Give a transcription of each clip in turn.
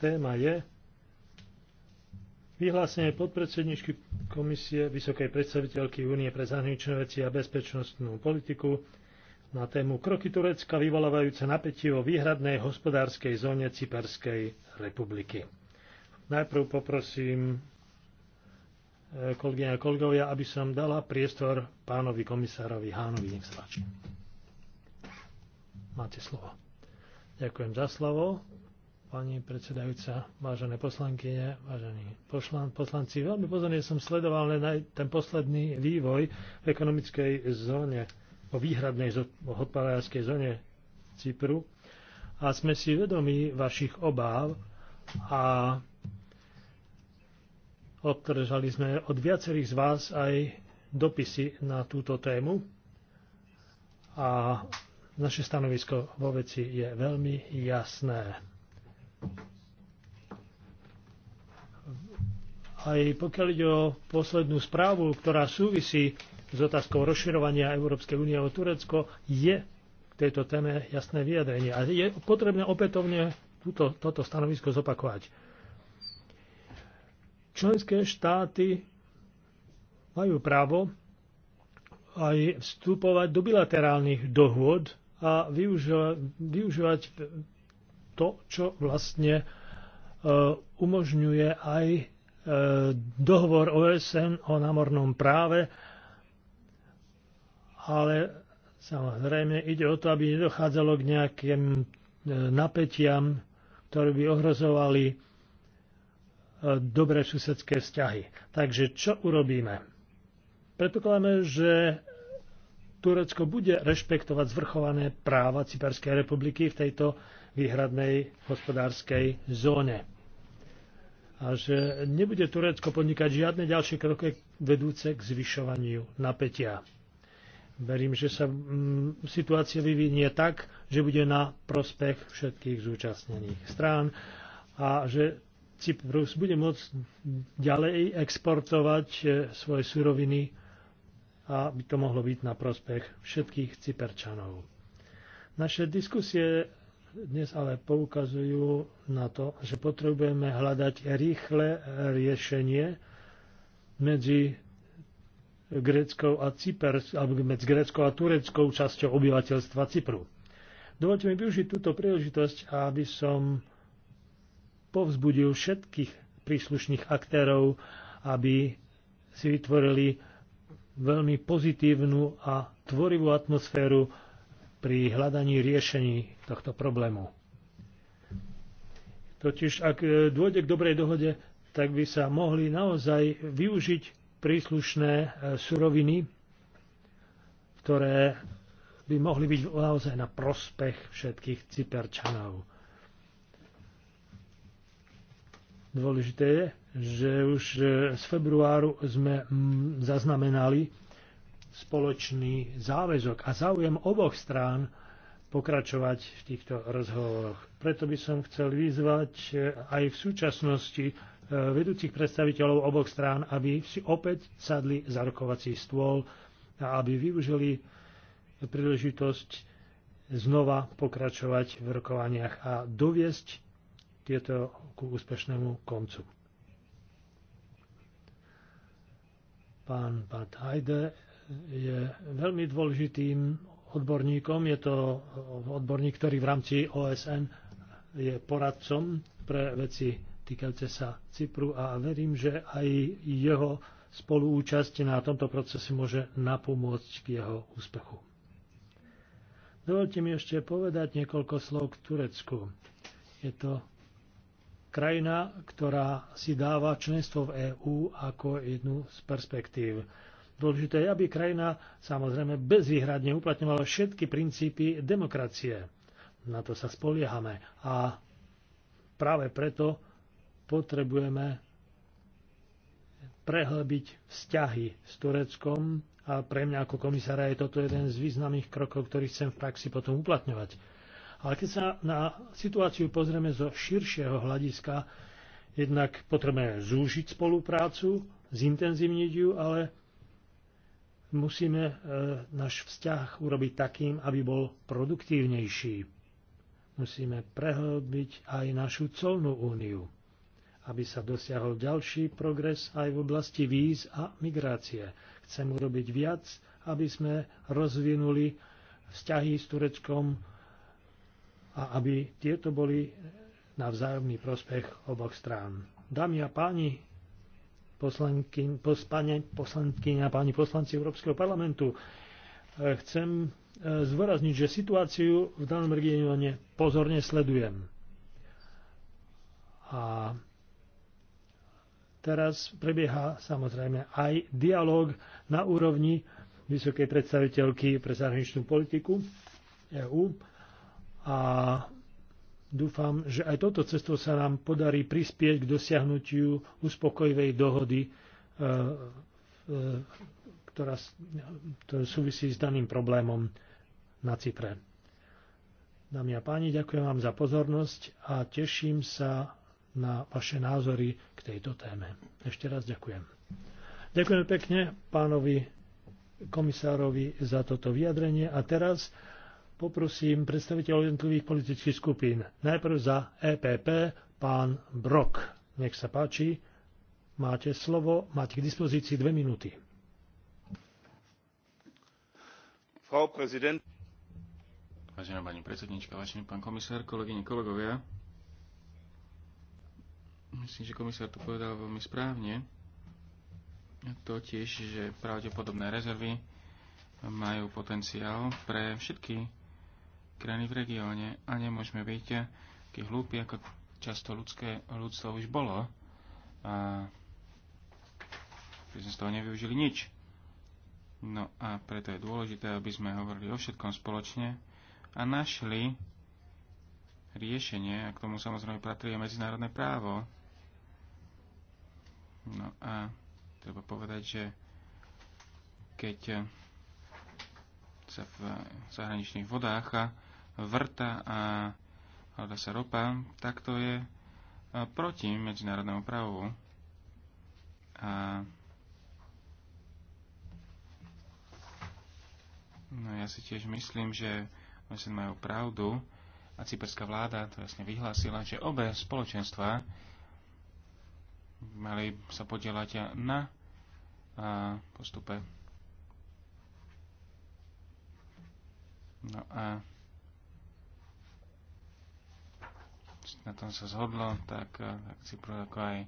Téma je vyhlásenie podpredsedničky Komisie Vysokej predstaviteľky Únie pre zahraničné veci a bezpečnostnú politiku na tému kroky Turecka vyvolávajúce napätie vo výhradnej hospodárskej zóne Cyperskej republiky. Najprv poprosím eh, kolegyne a kolegovia, aby som dala priestor pánovi komisárovi Hánovi. Nech sa páči. Máte slovo. Ďakujem za slovo, pani predsedajúca, vážené poslankyne, vážení poslan, poslanci. Veľmi pozorne som sledoval len aj ten posledný vývoj v ekonomickej zóne, o výhradnej hospodárskej zóne Cypru a sme si vedomi vašich obáv a obdržali sme od viacerých z vás aj dopisy na túto tému a naše stanovisko vo veci je veľmi jasné. Aj pokiaľ ide o poslednú správu, ktorá súvisí s otázkou rozširovania Európskej únie o Turecko, je k tejto téme jasné vyjadrenie. A je potrebné opätovne túto, toto stanovisko zopakovať. Členské štáty majú právo aj vstupovať do bilaterálnych dohôd a využívať to, čo vlastne e, umožňuje aj e, dohovor OSN o námornom práve, ale samozrejme ide o to, aby nedochádzalo k nejakým e, napätiam, ktoré by ohrozovali dobré susedské vzťahy. Takže čo urobíme? Predpokladáme, že Turecko bude rešpektovať zvrchované práva Cyperskej republiky v tejto výhradnej hospodárskej zóne. A že nebude Turecko podnikať žiadne ďalšie kroky vedúce k zvyšovaniu napätia. Verím, že sa mm, situácia vyvinie tak, že bude na prospech všetkých zúčastnených strán a že Cyprus bude môcť ďalej exportovať e, svoje suroviny a by to mohlo byť na prospech všetkých Cyperčanov. Naše diskusie dnes ale poukazujú na to, že potrebujeme hľadať rýchle riešenie medzi gréckou a Cyper, alebo medzi gréckou a tureckou časťou obyvateľstva Cypru. Dovolte mi využiť túto príležitosť, aby som povzbudil všetkých príslušných aktérov, aby si vytvorili veľmi pozitívnu a tvorivú atmosféru pri hľadaní riešení tohto problému. Totiž ak e, dôjde k dobrej dohode, tak by sa mohli naozaj využiť príslušné e, suroviny, ktoré by mohli byť naozaj na prospech všetkých Cyperčanov. Dôležité je, že už e, z februáru sme zaznamenali spoločný záväzok a záujem oboch strán pokračovať v týchto rozhovoroch. Preto by som chcel vyzvať eh, aj v súčasnosti eh, vedúcich predstaviteľov oboch strán, aby si opäť sadli za rokovací stôl a aby využili príležitosť znova pokračovať v rokovaniach a doviesť tieto ku úspešnému koncu. Pán Bad Heide je veľmi dôležitým odborníkom. Je to eh, odborník, ktorý v rámci OSN je poradcom pre veci týkajúce sa Cypru a verím, že aj jeho spoluúčasť na tomto procese môže napomôcť k jeho úspechu. Dovolte mi ešte povedať niekoľko slov k Turecku. Je to krajina, ktorá si dáva členstvo v EÚ ako jednu z perspektív. Dôležité je, aby krajina samozrejme bezvýhradne uplatňovala všetky princípy demokracie. Na to sa spoliehame a práve preto potrebujeme prehlbiť vzťahy s Tureckom a pre mňa ako komisára je toto jeden z významných krokov, ktorý chcem v praxi potom uplatňovať. Ale keď sa na situáciu pozrieme zo širšieho hľadiska, jednak potrebujeme zúžiť spoluprácu, zintenzívniť ju, ale musíme e, náš vzťah urobiť takým, aby bol produktívnejší. Musíme prehlbiť aj našu colnú úniu, aby sa dosiahol ďalší progres aj v oblasti víz a migrácie. Chcem urobiť viac, aby sme rozvinuli vzťahy s Tureckom a aby tieto boli na vzájomný prospech oboch strán. Dámy a páni, poslanky, poslanky a páni poslanci Európskeho parlamentu. E, chcem e, zvorazniť, že situáciu v danom regióne pozorne sledujem. A teraz prebieha samozrejme aj dialog na úrovni vysokej predstaviteľky pre zahraničnú politiku EÚ a Dúfam, že aj toto cestou sa nám podarí prispieť k dosiahnutiu uspokojivej dohody, e, e, ktorá, ktorá súvisí s daným problémom na Cypre. Dámy a páni, ďakujem vám za pozornosť a teším sa na vaše názory k tejto téme. Ešte raz ďakujem. Ďakujem pekne pánovi komisárovi za toto vyjadrenie a teraz poprosím predstaviteľov jednotlivých politických skupín. Najprv za EPP pán Brok. Nech sa páči, máte slovo, máte k dispozícii dve minúty. Frau prezident. Vážená pani predsednička, vážený pán komisár, kolegyne, kolegovia. Myslím, že komisár to povedal veľmi správne. Totiž, že pravdepodobné rezervy majú potenciál pre všetky krajiny v regióne a nemôžeme byť takí hlúpi, ako často ľudské ľudstvo už bolo. A sme z toho nevyužili nič. No a preto je dôležité, aby sme hovorili o všetkom spoločne a našli riešenie, a k tomu samozrejme patrí medzinárodné právo. No a treba povedať, že keď sa v zahraničných vodách a vrta a hľada sa ropa, tak to je e, proti medzinárodnému právu. A no ja si tiež myslím, že oni majú pravdu a cyperská vláda to jasne vyhlásila, že obe spoločenstva mali sa podielať na postupe. No a na tom sa zhodlo, tak, eh, si Cypru ako aj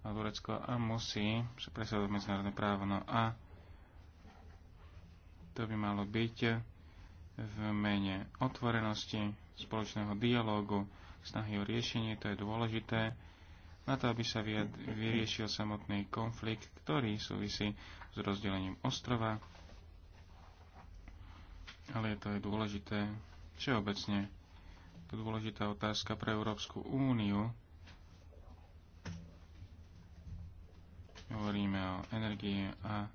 Turecko a musí sa medzinárodné právo. No a to by malo byť eh, v mene otvorenosti, spoločného dialógu, snahy o riešenie, to je dôležité, na to, aby sa vyriešil samotný konflikt, ktorý súvisí s rozdelením ostrova, ale je to aj dôležité všeobecne to dôležitá otázka pre Európsku úniu. Hovoríme o energii a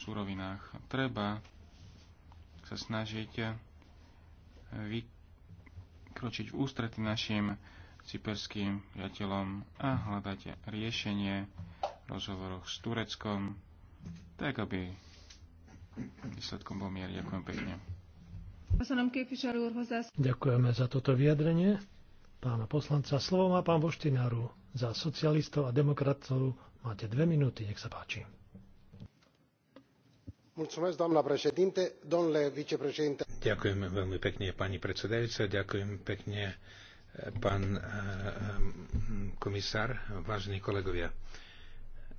súrovinách. Treba sa snažiť vykročiť v ústrety našim cyperským priateľom a hľadať riešenie v rozhovoroch s Tureckom, tak aby výsledkom bol mier. Ďakujem pekne. Ďakujeme za toto vyjadrenie pána poslanca. Slovo má pán Voštinaru. Za socialistov a demokratov máte dve minúty. Nech sa páči. Ďakujem veľmi pekne, pani predsedajúca. Ďakujem pekne, eh, pán eh, komisár, vážení kolegovia.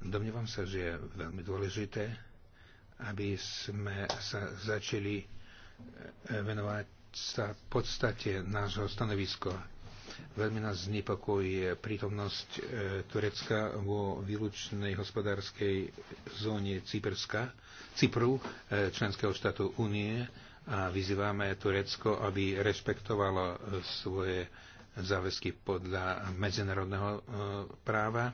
Domnievam sa, že je veľmi dôležité, aby sme sa začali E, venovať sa podstate nášho stanoviska. Veľmi nás znepokojuje prítomnosť e, Turecka vo výlučnej hospodárskej zóne Cyperska, Cypru, e, členského štátu Únie a vyzývame Turecko, aby rešpektovalo svoje záväzky podľa medzinárodného práva.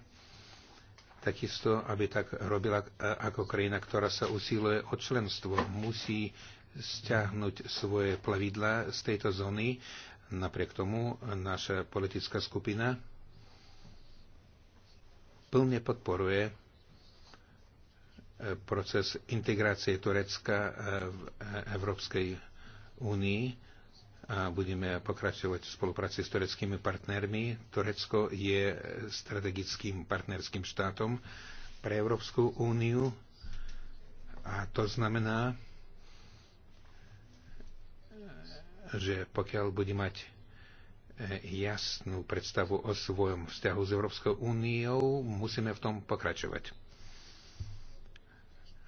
Takisto, aby tak robila ako krajina, ktorá sa usiluje o členstvo. Musí stiahnuť svoje plavidla z tejto zóny. Napriek tomu naša politická skupina plne podporuje e, proces integrácie Turecka e, v Európskej únii a budeme pokračovať v spolupráci s tureckými partnermi. Turecko je strategickým partnerským štátom pre Európsku úniu a to znamená, že pokiaľ bude mať eh, jasnú predstavu o svojom vzťahu s Európskou úniou, musíme v tom pokračovať.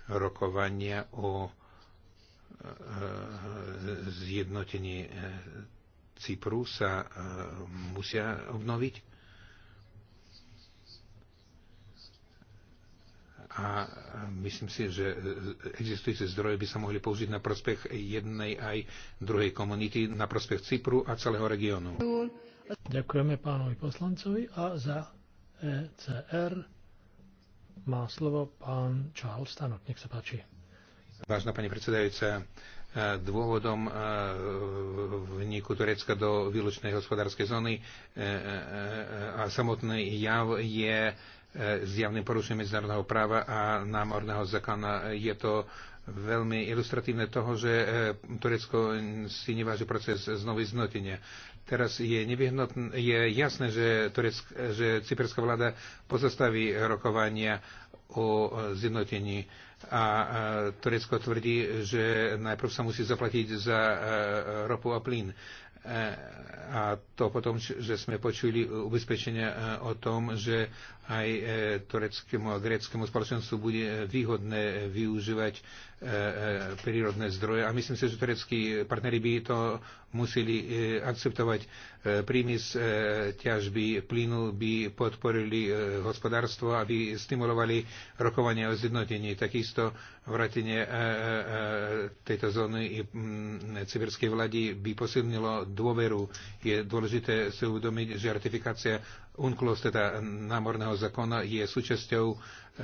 Rokovania o eh, zjednotení eh, Cypru sa musia obnoviť a myslím si, že e, e, existujúce zdroje by sa mohli použiť na prospech jednej aj druhej komunity, na prospech Cypru a celého regiónu. Ďakujeme pánovi poslancovi a za ECR má slovo pán Charles Stanok. Nech sa páči. Vážna pani predsedajúca, e, dôvodom vniku Turecka do výlučnej hospodárskej zóny a samotný jav je E, zjavným porušením medzinárodného práva a námorného zákona. Je to veľmi ilustratívne toho, že e, Turecko si neváži proces znovu znotenia. Teraz je, je jasné, že, Tureck, že cyperská vláda pozastaví rokovania o zjednotení a e, Turecko tvrdí, že najprv sa musí zaplatiť za ropu a plyn a to potom, že sme počuli ubezpečenia o tom, že aj e, tureckému a gréckému spoločenstvu bude e, výhodné e, využívať prírodné zdroje. A myslím si, že tureckí partneri by to museli akceptovať. prímys, ťažby plynu by podporili hospodárstvo, aby stimulovali rokovanie o zjednotení. Takisto vrátenie tejto zóny i mm, cyberskej vlády by posilnilo dôveru. Je dôležité si uvedomiť, že ratifikácia UNCLOS, teda námorného zákona, je súčasťou e, e, e,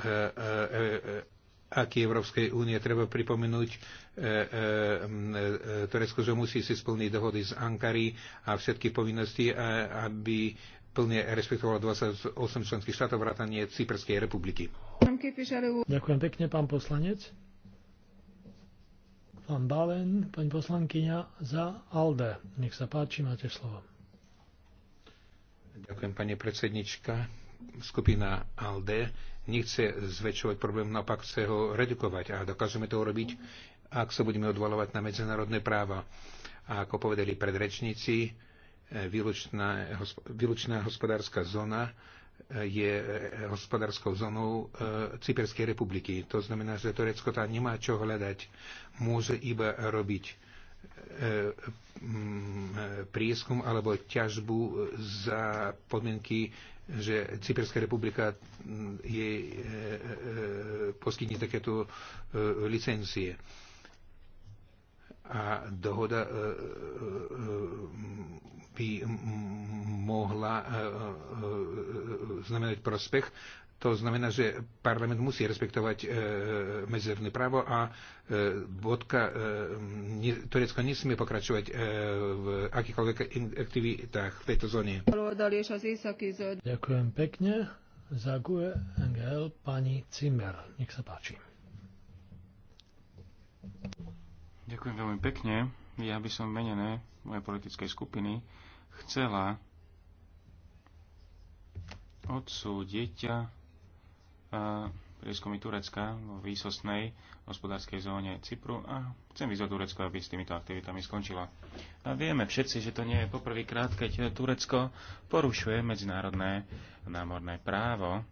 aký Európskej únie. Treba pripomenúť Turecko, že musí si splniť dohody z Ankary a všetky povinnosti, aby plne respektovalo 28 členských štátov vrátanie Cyperskej republiky. Ďakujem pekne, pán poslanec. Pán Balen, pani poslankyňa za ALDE. Nech sa páči, máte slovo. Ďakujem, pani predsednička. Skupina ALDE nechce zväčšovať problém, naopak chce ho redukovať a dokážeme to urobiť, ak sa budeme odvalovať na medzinárodné práva. A ako povedali predrečníci, e, výlučná, výlučná hospodárska zóna e, je e, hospodárskou zónou Cyperskej republiky. To znamená, že Turecko tam nemá čo hľadať, môže iba robiť E, prieskum alebo ťažbu za podmienky, že Cyperská republika mm, jej e, e, poskytne takéto licencie. A dohoda by mohla znamenať prospech to znamená, že parlament musí respektovať e, medzinárodné právo a e, bodka, e, ne, Turecko nesmie pokračovať e, v akýchkoľvek aktivitách v tejto zóne. Ďakujem pekne. Zague NGL pani Cimer. Nech sa páči. Ďakujem veľmi pekne. Ja by som menené mojej politickej skupiny chcela odsúdiť prieskumy Turecka vo výsostnej hospodárskej zóne Cypru a chcem vyzvať Turecko, aby s týmito aktivitami skončila. A vieme všetci, že to nie je poprvýkrát, keď Turecko porušuje medzinárodné námorné právo,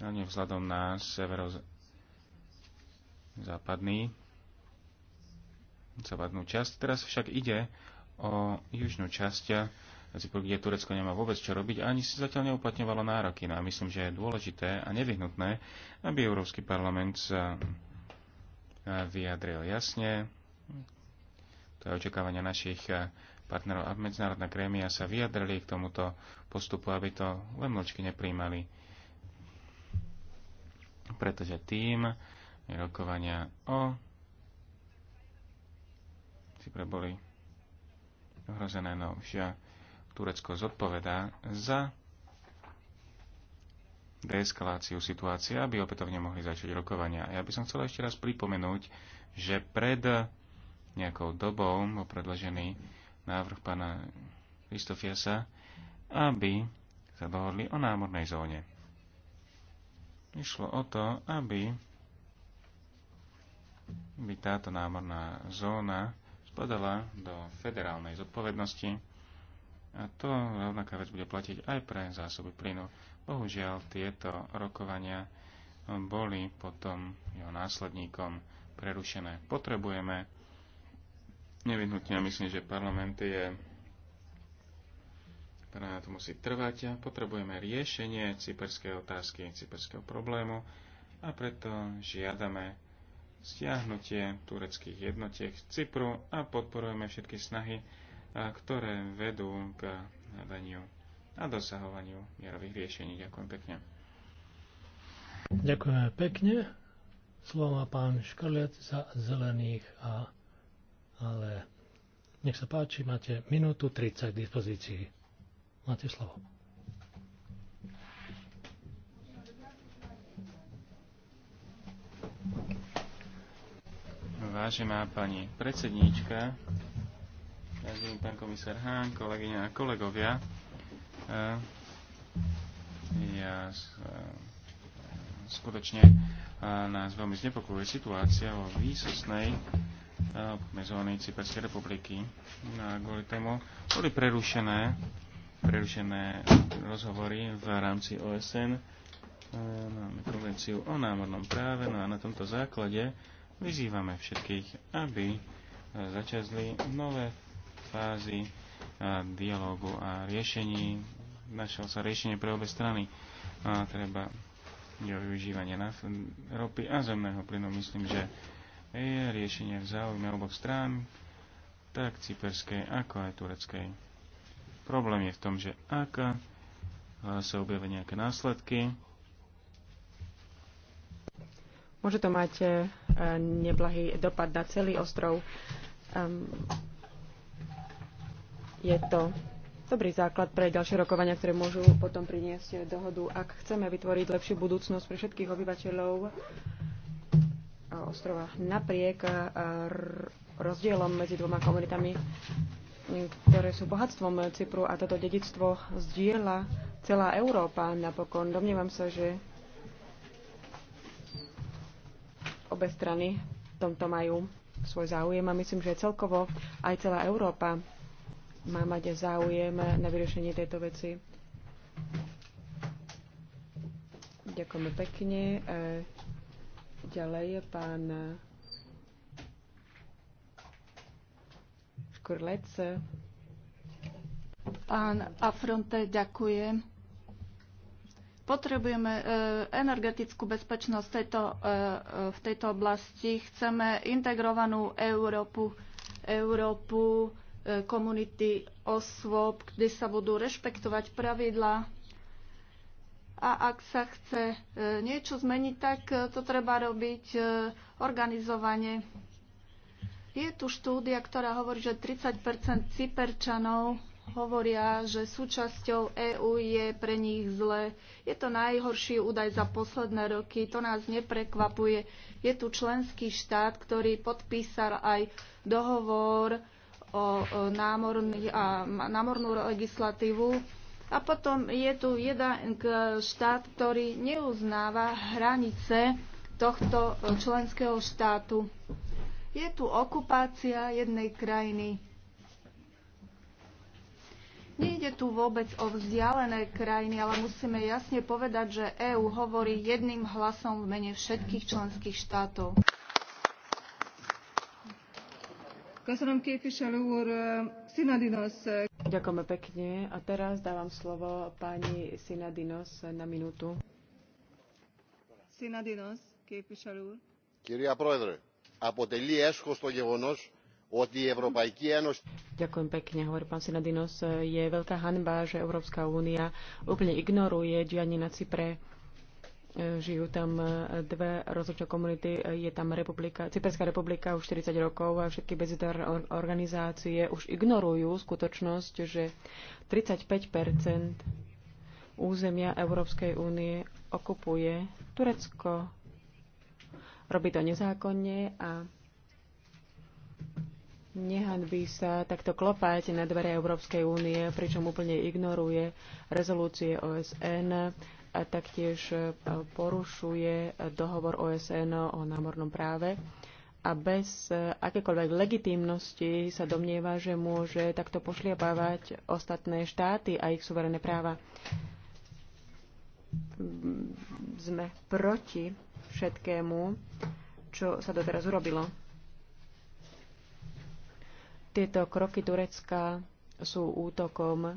hlavne vzhľadom na severozápadný západnú časť. Teraz však ide o južnú časť kde Turecko nemá vôbec čo robiť, ani si zatiaľ neuplatňovalo nároky. No a myslím, že je dôležité a nevyhnutné, aby Európsky parlament sa vyjadril jasne. To je očakávania našich partnerov a medzinárodná krémia sa vyjadrili k tomuto postupu, aby to len mlčky nepríjmali. Pretože tým rokovania o si preboli ohrozené novšia Turecko zodpovedá za deeskaláciu situácie, aby opätovne mohli začať rokovania. Ja by som chcel ešte raz pripomenúť, že pred nejakou dobou bol predložený návrh pána Kristofiasa, aby sa dohodli o námornej zóne. Išlo o to, aby by táto námorná zóna spadala do federálnej zodpovednosti a to rovnaká vec bude platiť aj pre zásoby plynu. Bohužiaľ, tieto rokovania boli potom jeho následníkom prerušené. Potrebujeme nevyhnutne, a myslím, že parlament je na to musí trvať potrebujeme riešenie cyperskej otázky, cyperského problému a preto žiadame stiahnutie tureckých jednotiek z Cypru a podporujeme všetky snahy ktoré vedú k hľadaniu a dosahovaniu mierových riešení. Ďakujem pekne. Ďakujeme pekne. Slovo má pán Škrlec za zelených a ale nech sa páči, máte minútu 30 k dispozícii. Máte slovo. Vážená pani predsedníčka, Vážený pán komisár Hán, kolegyňa a kolegovia, eh, ja eh, skutočne eh, nás veľmi znepokojuje situácia vo výsostnej obchodnej Cyperskej republiky. No a kvôli tomu boli prerušené, prerušené rozhovory v rámci OSN. Máme konvenciu o námornom práve, no a na tomto základe vyzývame všetkých, aby začazli nové fázy a dialógu a riešení. Našiel sa riešenie pre obe strany. A treba je využívanie ropy a zemného plynu. Myslím, že je riešenie v záujme oboch strán, tak cyperskej ako aj tureckej. Problém je v tom, že ak sa objavia nejaké následky, Môže to mať e, neblahý dopad na celý ostrov je to dobrý základ pre ďalšie rokovania, ktoré môžu potom priniesť dohodu. Ak chceme vytvoriť lepšiu budúcnosť pre všetkých obyvateľov ostrova napriek rozdielom medzi dvoma komunitami, ktoré sú bohatstvom Cypru a toto dedictvo zdieľa celá Európa napokon. Domnievam sa, že obe strany v tomto majú svoj záujem a myslím, že celkovo aj celá Európa má mať záujem na vyriešenie tejto veci. Ďakujeme pekne. E, ďalej je pán Škurlec. Pán Afronte, ďakujem. Potrebujeme e, energetickú bezpečnosť tejto, e, v tejto oblasti. Chceme integrovanú Európu, Európu E, komunity osôb, kde sa budú rešpektovať pravidlá. A ak sa chce e, niečo zmeniť, tak e, to treba robiť organizovane. Je tu štúdia, ktorá hovorí, že 30 Cyperčanov hovoria, že súčasťou EÚ je pre nich zle. Je to najhorší údaj za posledné roky, to nás neprekvapuje. Je tu členský štát, ktorý podpísal aj dohovor o námorný, a, námornú legislatívu. A potom je tu jeden štát, ktorý neuznáva hranice tohto e, členského štátu. Je tu okupácia jednej krajiny. Nejde tu vôbec o vzdialené krajiny, ale musíme jasne povedať, že EÚ hovorí jedným hlasom v mene všetkých členských štátov. Ďakujeme pekne. A teraz dávam slovo pani Sinadinos na minútu. Sinadinos, képviselő úr. Κυρία Πρόεδρε, αποτελεί έσχος το γεγονός ότι η Ευρωπαϊκή Ένωση... Ďakujem pekne, hovorí pán Sinadinos. Je veľká hanba, že Európska únia úplne ignoruje dianie na Cypre Žijú tam e, dve rozhodčie komunity, je tam republika, Cyperská republika už 40 rokov a všetky bezitárne organizácie už ignorujú skutočnosť, že 35 územia Európskej únie okupuje Turecko. Robí to nezákonne a Nehanbí sa takto klopať na dvere Európskej únie, pričom úplne ignoruje rezolúcie OSN, a taktiež e, porušuje dohovor OSN o námornom práve a bez e, akékoľvek legitímnosti sa domnieva, že môže takto pošliapávať ostatné štáty a ich suverené práva. Sme proti všetkému, čo sa doteraz urobilo. Tieto kroky Turecka sú útokom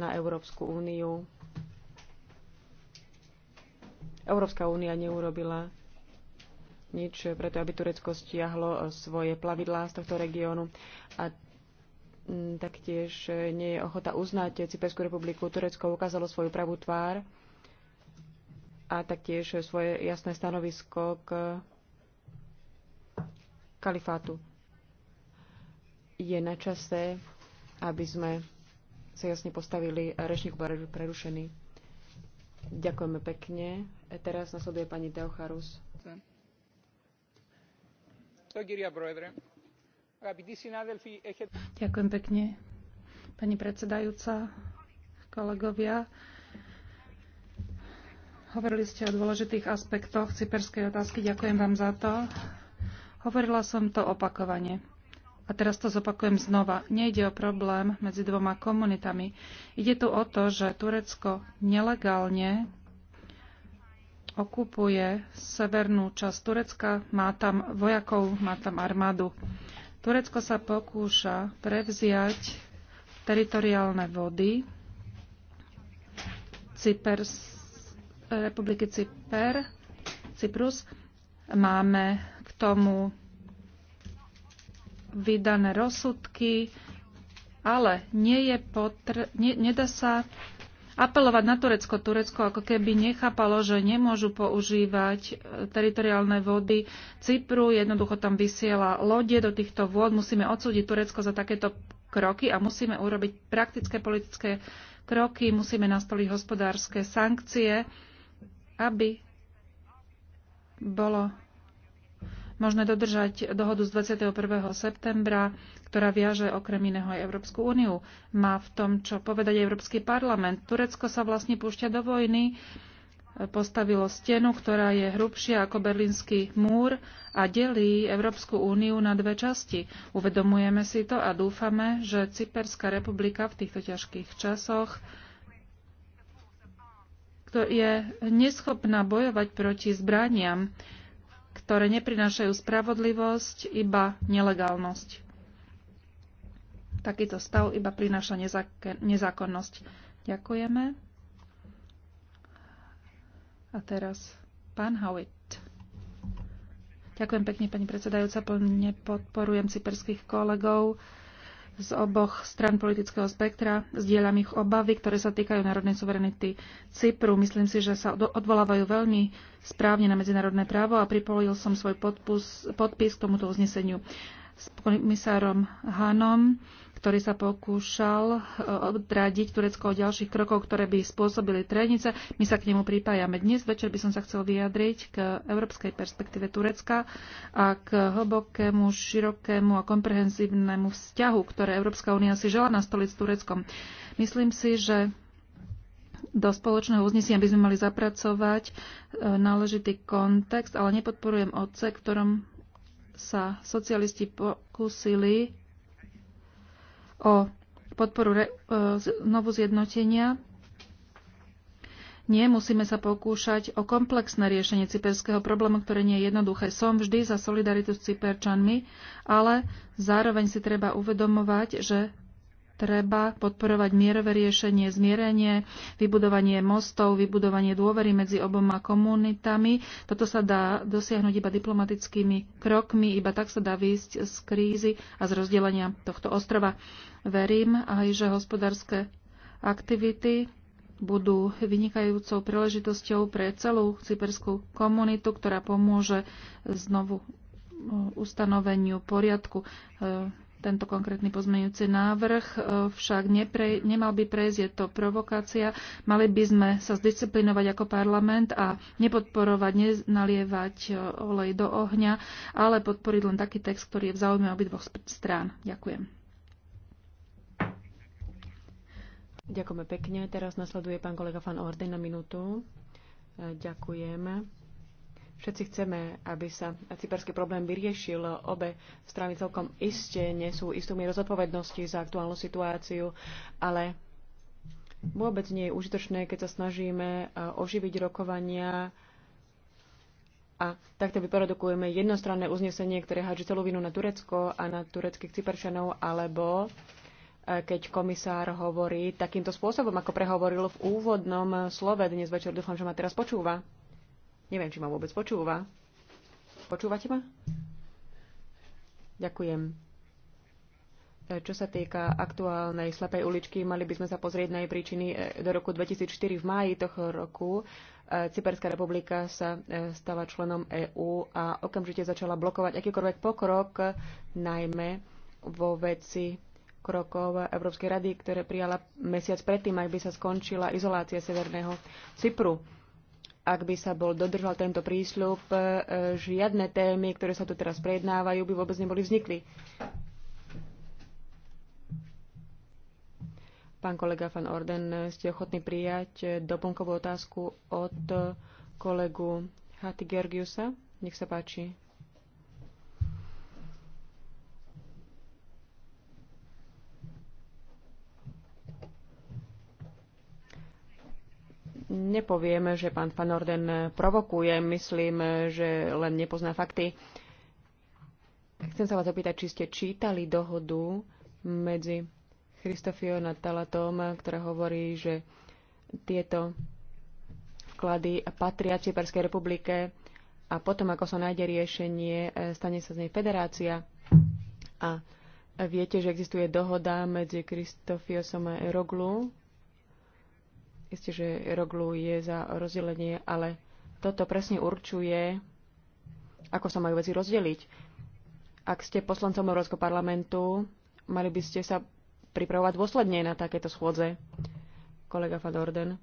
na Európsku úniu, Európska únia neurobila nič preto, aby Turecko stiahlo eh, svoje plavidlá z tohto regiónu a mm, taktiež eh, nie je ochota uznať Cyperskú republiku. Turecko ukázalo svoju pravú tvár a taktiež svoje jasné stanovisko k kalifátu. Je na čase, aby sme sa jasne postavili, rečník prerušený. Ďakujeme pekne. Teraz nasleduje pani Teocharus. Ďakujem pekne, pani predsedajúca, kolegovia. Hovorili ste o dôležitých aspektoch cyperskej otázky. Ďakujem vám za to. Hovorila som to opakovane. A teraz to zopakujem znova. Nejde o problém medzi dvoma komunitami. Ide tu o to, že Turecko nelegálne okupuje severnú časť Turecka, má tam vojakov, má tam armádu. Turecko sa pokúša prevziať teritoriálne vody Cypers, Republiky Cyper, Cyprus. Máme k tomu vydané rozsudky, ale nie je potr- ne- nedá sa apelovať na Turecko. Turecko ako keby nechápalo, že nemôžu používať e, teritoriálne vody Cypru, jednoducho tam vysiela lode do týchto vôd. Musíme odsúdiť Turecko za takéto kroky a musíme urobiť praktické politické kroky, musíme nastoliť hospodárske sankcie, aby bolo možné dodržať dohodu z 21. septembra, ktorá viaže okrem iného aj Európsku úniu. Má v tom, čo povedať Európsky parlament. Turecko sa vlastne púšťa do vojny, postavilo stenu, ktorá je hrubšia ako berlínsky múr a delí Európsku úniu na dve časti. Uvedomujeme si to a dúfame, že Cyperská republika v týchto ťažkých časoch je neschopná bojovať proti zbraniam, ktoré neprinášajú spravodlivosť, iba nelegálnosť. Takýto stav iba prináša nezákonnosť. Ďakujeme. A teraz pán Howitt. Ďakujem pekne, pani predsedajúca. Plne podporujem cyperských kolegov z oboch stran politického spektra. Zdieľam ich obavy, ktoré sa týkajú národnej suverenity Cypru. Myslím si, že sa odvolávajú veľmi správne na medzinárodné právo a pripojil som svoj podpus, podpis k tomuto uzneseniu s komisárom Hanom ktorý sa pokúšal e, odradiť Turecko od ďalších krokov, ktoré by spôsobili trenice. My sa k nemu pripájame. Dnes večer by som sa chcel vyjadriť k európskej perspektíve Turecka a k hlbokému, širokému a komprehenzívnemu vzťahu, ktoré Európska únia si žela nastoliť s Tureckom. Myslím si, že do spoločného uznesenia by sme mali zapracovať e, náležitý kontext, ale nepodporujem odsek, v ktorom sa socialisti pokúsili o podporu re, e, znovu zjednotenia. Nie, musíme sa pokúšať o komplexné riešenie cyperského problému, ktoré nie je jednoduché. Som vždy za solidaritu s cyperčanmi, ale zároveň si treba uvedomovať, že Treba podporovať mierové riešenie, zmierenie, vybudovanie mostov, vybudovanie dôvery medzi oboma komunitami. Toto sa dá dosiahnuť iba diplomatickými krokmi, iba tak sa dá výjsť z krízy a z rozdelenia tohto ostrova. Verím aj, že hospodárske aktivity budú vynikajúcou príležitosťou pre celú cyperskú komunitu, ktorá pomôže znovu ustanoveniu poriadku e, tento konkrétny pozmeňujúci návrh e, však nepre, nemal by prejsť, je to provokácia. Mali by sme sa zdisciplinovať ako parlament a nepodporovať, nenalievať e, olej do ohňa, ale podporiť len taký text, ktorý je v záujme obidvoch strán. Ďakujem. Ďakujeme pekne. Teraz nasleduje pán kolega Fan Orden na minútu. E, ďakujem. Všetci chceme, aby sa cyperský problém vyriešil. Obe strany celkom iste nesú istú mieru zodpovednosti za aktuálnu situáciu, ale vôbec nie je užitočné, keď sa snažíme eh, oživiť rokovania a takto vyprodukujeme jednostranné uznesenie, ktoré hádže celú vinu na Turecko a na tureckých cyperčanov, alebo eh, keď komisár hovorí takýmto spôsobom, ako prehovoril v úvodnom slove dnes večer, dúfam, že ma teraz počúva. Neviem, či ma vôbec počúva. Počúvate ma? Ďakujem. E, čo sa týka aktuálnej slepej uličky, mali by sme sa pozrieť na jej príčiny. E, do roku 2004 v máji tohto roku e, Cyperská republika sa stala členom EÚ a okamžite začala blokovať akýkoľvek pokrok, najmä vo veci krokov Európskej rady, ktoré prijala mesiac predtým, ak by sa skončila izolácia Severného Cypru ak by sa bol dodržal tento prísľub, e, žiadne témy, ktoré sa tu teraz prejednávajú, by vôbec neboli vznikli. Pán kolega Van Orden, ste ochotní prijať e, doplnkovú otázku od kolegu Hati Georgiusa? Nech sa páči. nepoviem, že pán Van Orden provokuje. Myslím, že len nepozná fakty. Chcem sa vás opýtať, či ste čítali dohodu medzi Christofiom a Talatom, ktorá hovorí, že tieto vklady patria Cyperskej republike a potom, ako sa nájde riešenie, stane sa z nej federácia. A viete, že existuje dohoda medzi Kristofiosom a Eroglu, Isté, že Roglu je za rozdelenie, ale toto presne určuje, ako sa majú veci rozdeliť. Ak ste poslancom Európskeho parlamentu, mali by ste sa pripravovať dôsledne na takéto schôdze, kolega Fadorden.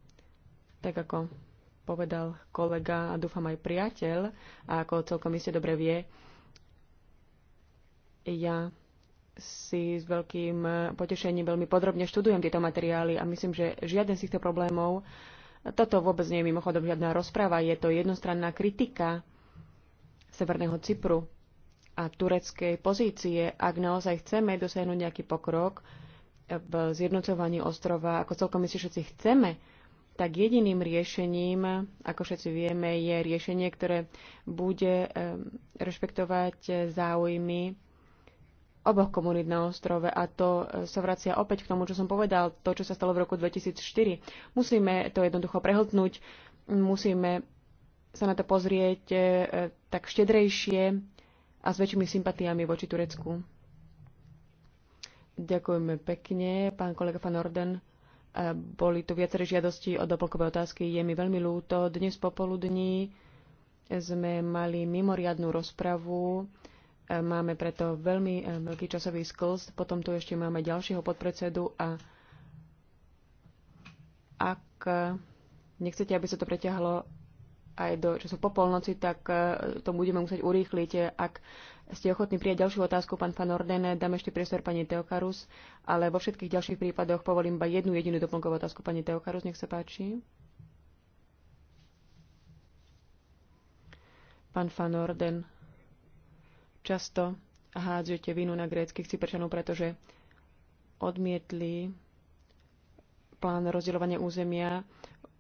Tak ako povedal kolega a dúfam aj priateľ, a ako celkom iste dobre vie, ja si s veľkým potešením veľmi podrobne študujem tieto materiály a myslím, že žiaden z týchto problémov, toto vôbec nie je mimochodom žiadna rozpráva, je to jednostranná kritika Severného Cypru a tureckej pozície, ak naozaj chceme dosiahnuť nejaký pokrok v zjednocovaní ostrova, ako celkom my si všetci chceme, tak jediným riešením, ako všetci vieme, je riešenie, ktoré bude eh, rešpektovať záujmy oboch komunít na ostrove a to e, sa vracia opäť k tomu, čo som povedal, to, čo sa stalo v roku 2004. Musíme to jednoducho prehltnúť, musíme sa na to pozrieť e, tak štedrejšie a s väčšími sympatiami voči Turecku. Ďakujeme pekne, pán kolega Van Orden. E, boli tu viaceré žiadosti o doplnkové otázky. Je mi veľmi ľúto. Dnes popoludní sme mali mimoriadnú rozpravu E, máme preto veľmi e, veľký časový sklz. Potom tu ešte máme ďalšieho podpredsedu a ak e, nechcete, aby sa to preťahlo aj do času po polnoci, tak to budeme musieť urýchliť. Ak ste ochotní prijať ďalšiu otázku, pán Van Ordene, dám ešte priestor pani Teokarus, ale vo všetkých ďalších prípadoch povolím iba jednu jedinú doplnkovú otázku pani Teokarus, nech sa páči. Pán Van Orden. Často hádzete vinu na gréckych cyperčanov, pretože odmietli plán rozdeľovania územia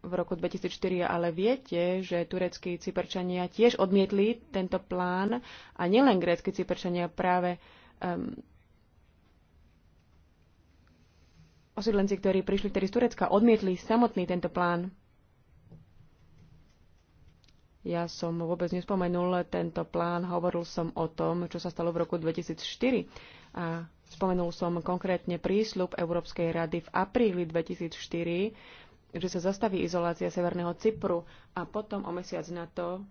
v roku 2004, ale viete, že tureckí cyperčania tiež odmietli tento plán a nielen grécky cyperčania práve um, osídlenci, ktorí prišli vtedy z Turecka, odmietli samotný tento plán. Ja som vôbec nespomenul tento plán, hovoril som o tom, čo sa stalo v roku 2004 a spomenul som konkrétne prísľub Európskej rady v apríli 2004, že sa zastaví izolácia Severného Cypru a potom o mesiac na to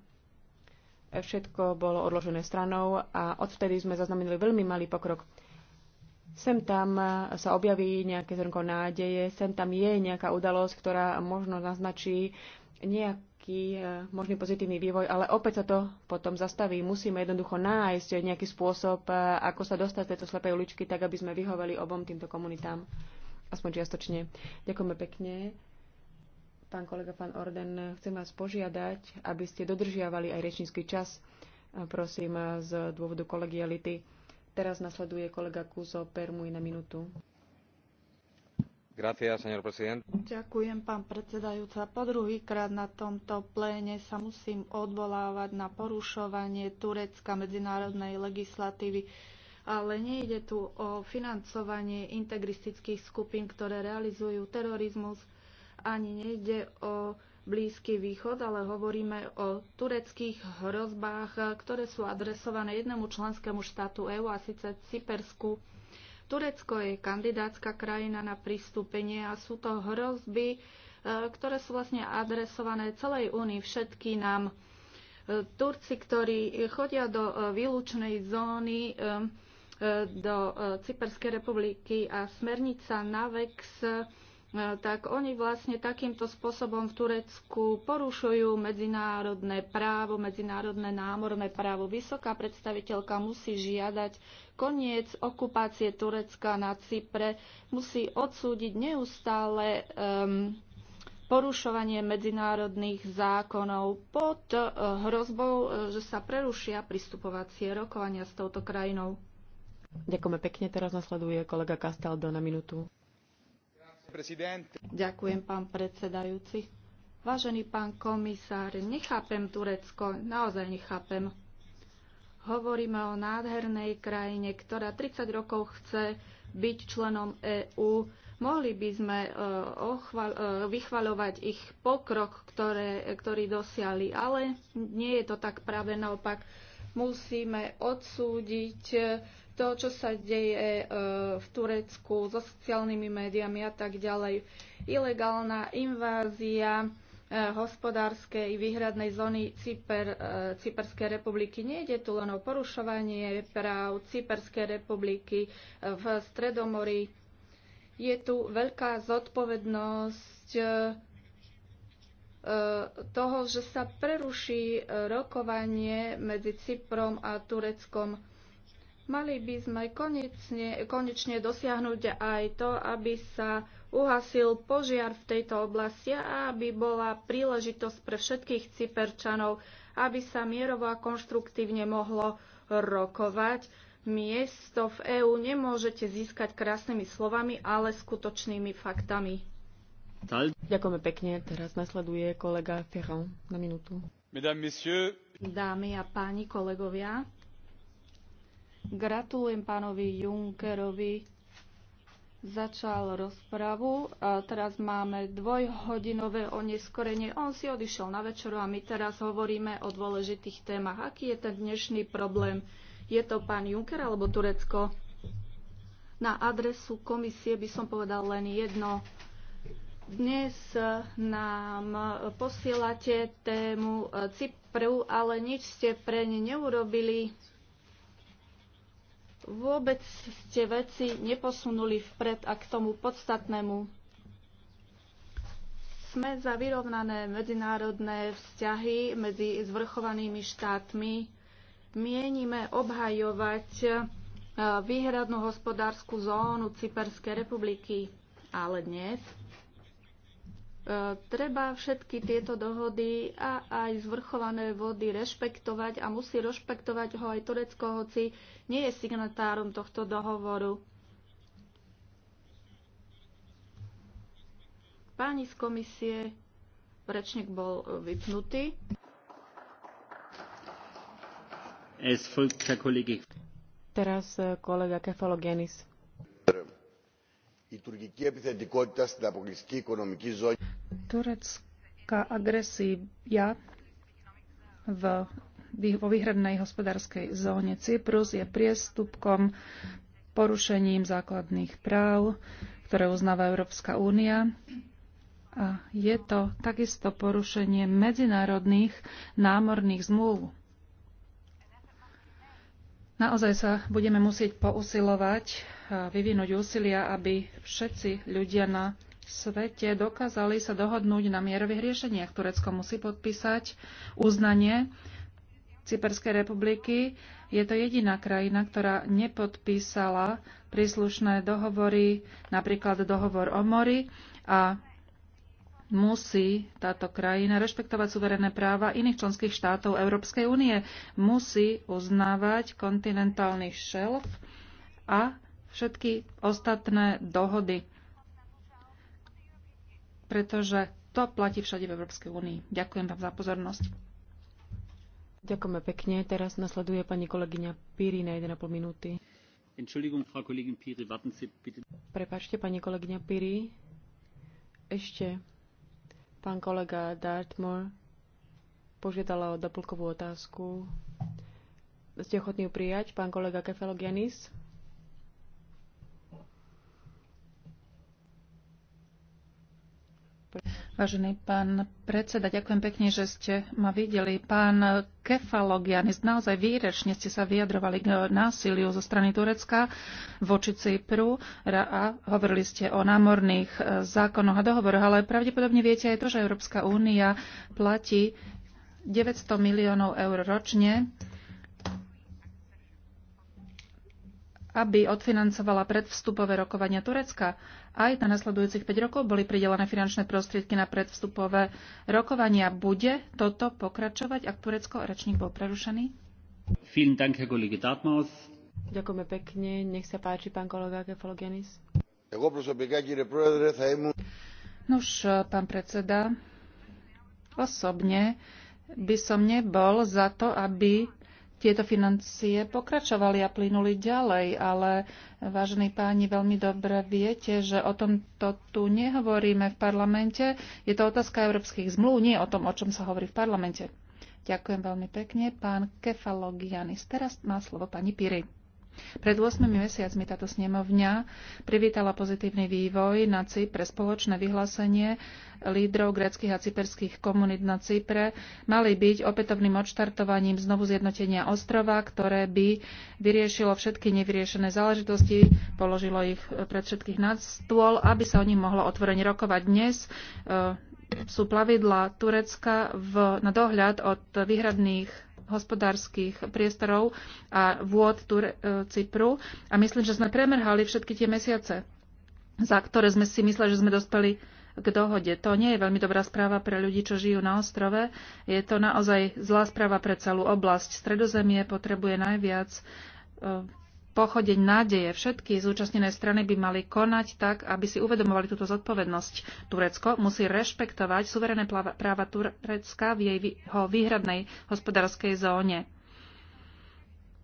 všetko bolo odložené stranou a odvtedy sme zaznamenali veľmi malý pokrok. Sem tam sa objaví nejaké zrnko nádeje, sem tam je nejaká udalosť, ktorá možno naznačí nejak nejaký e, možný pozitívny vývoj, ale opäť sa to potom zastaví. Musíme jednoducho nájsť nejaký spôsob, e, ako sa dostať z tejto slepej uličky, tak aby sme vyhoveli obom týmto komunitám, aspoň čiastočne. Ďakujeme pekne. Pán kolega, pán Orden, chcem vás požiadať, aby ste dodržiavali aj rečnícky čas, e, prosím, z dôvodu kolegiality. Teraz nasleduje kolega Kuzo Permuj na minútu. Ďakujem, pán predsedajúca. Po druhýkrát na tomto pléne sa musím odvolávať na porušovanie Turecka medzinárodnej legislatívy, ale nejde tu o financovanie integristických skupín, ktoré realizujú terorizmus, ani nejde o Blízky východ, ale hovoríme o tureckých hrozbách, ktoré sú adresované jednému členskému štátu EÚ, a síce Cypersku. Turecko je kandidátska krajina na pristúpenie a sú to hrozby, e, ktoré sú vlastne adresované celej únii, všetky nám. E, Turci, ktorí chodia do e, výlučnej zóny, do Cyperskej republiky a smernica NAVEX E, tak oni vlastne takýmto spôsobom v Turecku porušujú medzinárodné právo, medzinárodné námorné právo. Vysoká predstaviteľka musí žiadať koniec okupácie Turecka na Cypre, musí odsúdiť neustále um, porušovanie medzinárodných zákonov pod e, hrozbou, e, že sa prerušia pristupovacie rokovania s touto krajinou. Ďakujeme pekne. Teraz nasleduje kolega Castaldo na minútu. Ďakujem, pán predsedajúci. Vážený pán komisár, nechápem Turecko, naozaj nechápem. Hovoríme o nádhernej krajine, ktorá 30 rokov chce byť členom EÚ. Mohli by sme e, e, vychvaľovať ich pokrok, ktoré, ktorý dosiali, ale nie je to tak práve naopak. Musíme odsúdiť to, čo sa deje e, v Turecku so sociálnymi médiami a tak ďalej. Ilegálna invázia e, hospodárskej výhradnej zóny Cyper, e, Cyperskej republiky. Nejde tu len o porušovanie práv Cyperskej republiky v Stredomorí. Je tu veľká zodpovednosť toho, že sa preruší rokovanie medzi Cyprom a Tureckom Mali by sme konečne, konečne dosiahnuť aj to, aby sa uhasil požiar v tejto oblasti a aby bola príležitosť pre všetkých Cyperčanov, aby sa mierovo a konštruktívne mohlo rokovať. Miesto v EÚ nemôžete získať krásnymi slovami, ale skutočnými faktami. Ďakujeme pekne. Teraz nasleduje kolega Ferrand na minútu. Dámy a páni kolegovia, Gratulujem pánovi Junkerovi. Začal rozpravu. A teraz máme dvojhodinové oneskorenie. On si odišiel na večeru a my teraz hovoríme o dôležitých témach. Aký je ten dnešný problém? Je to pán Juncker alebo Turecko? Na adresu komisie by som povedal len jedno. Dnes nám posielate tému Cypru, ale nič ste pre ne neurobili. Vôbec ste veci neposunuli vpred a k tomu podstatnému. Sme za vyrovnané medzinárodné vzťahy medzi zvrchovanými štátmi. Mienime obhajovať e, výhradnú hospodárskú zónu Cyperskej republiky. Ale dnes E, treba všetky tieto dohody a aj zvrchované vody rešpektovať a musí rešpektovať ho aj Turecko, hoci nie je signatárom tohto dohovoru. Páni z komisie, rečník bol vypnutý. Teraz e, kolega Kefalogenis τουρκική επιθετικότητα στην αποκλειστική οικονομική ζώνη. Turecká agresia v, vo výhradnej hospodárskej zóne Cyprus je priestupkom porušením základných práv, ktoré uznáva Európska únia. A je to takisto porušenie medzinárodných námorných zmluv. Naozaj sa budeme musieť pousilovať vyvinúť úsilia, aby všetci ľudia na svete dokázali sa dohodnúť na mierových riešeniach. Turecko musí podpísať uznanie Cyperskej republiky. Je to jediná krajina, ktorá nepodpísala príslušné dohovory, napríklad dohovor o mori a musí táto krajina rešpektovať suverené práva iných členských štátov Európskej únie. Musí uznávať kontinentálny šelf a všetky ostatné dohody. Pretože to platí všade v Európskej únii. Ďakujem vám za pozornosť. Ďakujeme pekne. Teraz nasleduje pani kolegyňa Píry na 1,5 minúty. Prepačte, pani kolegyňa Píry, Ešte Pán kolega Dartmoor požiadala o doplnkovú otázku. Ste ochotní ju prijať, pán kolega Kefalogianis? Pre... Vážený pán predseda, ďakujem pekne, že ste ma videli. Pán Kefalogian, naozaj výrečne ste sa vyjadrovali k násiliu zo strany Turecka voči Cypru a hovorili ste o námorných e, zákonoch a dohovoroch, ale pravdepodobne viete aj to, že Európska únia platí 900 miliónov eur ročne aby odfinancovala predvstupové rokovania Turecka. Aj na nasledujúcich 5 rokov boli pridelené finančné prostriedky na predvstupové rokovania. Bude toto pokračovať, ak Turecko rečník bol prerušený? Ďakujeme pekne. Nech sa páči, pán kolega Kefalogenis. Nuž, pán predseda, osobne by som nebol za to, aby tieto financie pokračovali a plynuli ďalej, ale vážení páni, veľmi dobre viete, že o tomto tu nehovoríme v parlamente. Je to otázka európskych zmluv, nie o tom, o čom sa hovorí v parlamente. Ďakujem veľmi pekne. Pán Kefalogianis, teraz má slovo pani Piri. Pred 8 mesiacmi táto snemovňa privítala pozitívny vývoj na Cypre. Spoločné vyhlásenie lídrov greckých a cyperských komunít na Cypre mali byť opätovným odštartovaním znovu zjednotenia ostrova, ktoré by vyriešilo všetky nevyriešené záležitosti, položilo ich eh, pred všetkých na stôl, aby sa o nich mohlo otvorene rokovať dnes eh, sú plavidla Turecka v, na dohľad od výhradných hospodárskych priestorov a vôd e, Cypru. A myslím, že sme premerhali všetky tie mesiace, za ktoré sme si mysleli, že sme dospeli k dohode. To nie je veľmi dobrá správa pre ľudí, čo žijú na ostrove. Je to naozaj zlá správa pre celú oblasť. Stredozemie potrebuje najviac e, pochodeň nádeje. Všetky zúčastnené strany by mali konať tak, aby si uvedomovali túto zodpovednosť. Turecko musí rešpektovať suverené práva Turecka v jeho výhradnej hospodárskej zóne.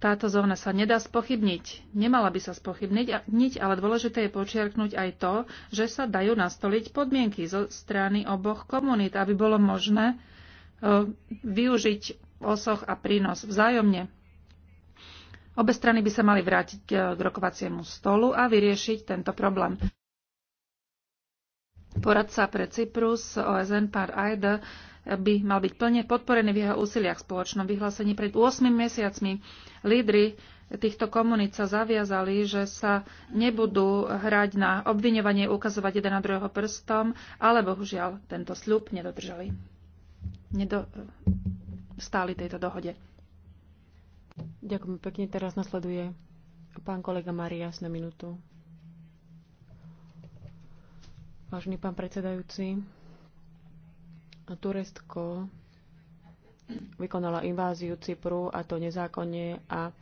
Táto zóna sa nedá spochybniť. Nemala by sa spochybniť, ale dôležité je počiarknúť aj to, že sa dajú nastoliť podmienky zo strany oboch komunít, aby bolo možné e, využiť osoch a prínos vzájomne. Obe strany by sa mali vrátiť e, k rokovaciemu stolu a vyriešiť tento problém. Poradca pre Cyprus OSN par Aide by mal byť plne podporený v jeho úsiliach v spoločnom vyhlásení. Pred 8 mesiacmi lídry týchto komunít sa zaviazali, že sa nebudú hrať na obviňovanie, ukazovať jeden na druhého prstom, ale bohužiaľ tento sľub nedodržali. Nedo... Stáli tejto dohode. Ďakujem pekne. Teraz nasleduje pán kolega Marias na minútu. Vážený pán predsedajúci, Turecko vykonala inváziu Cypru a to nezákonne a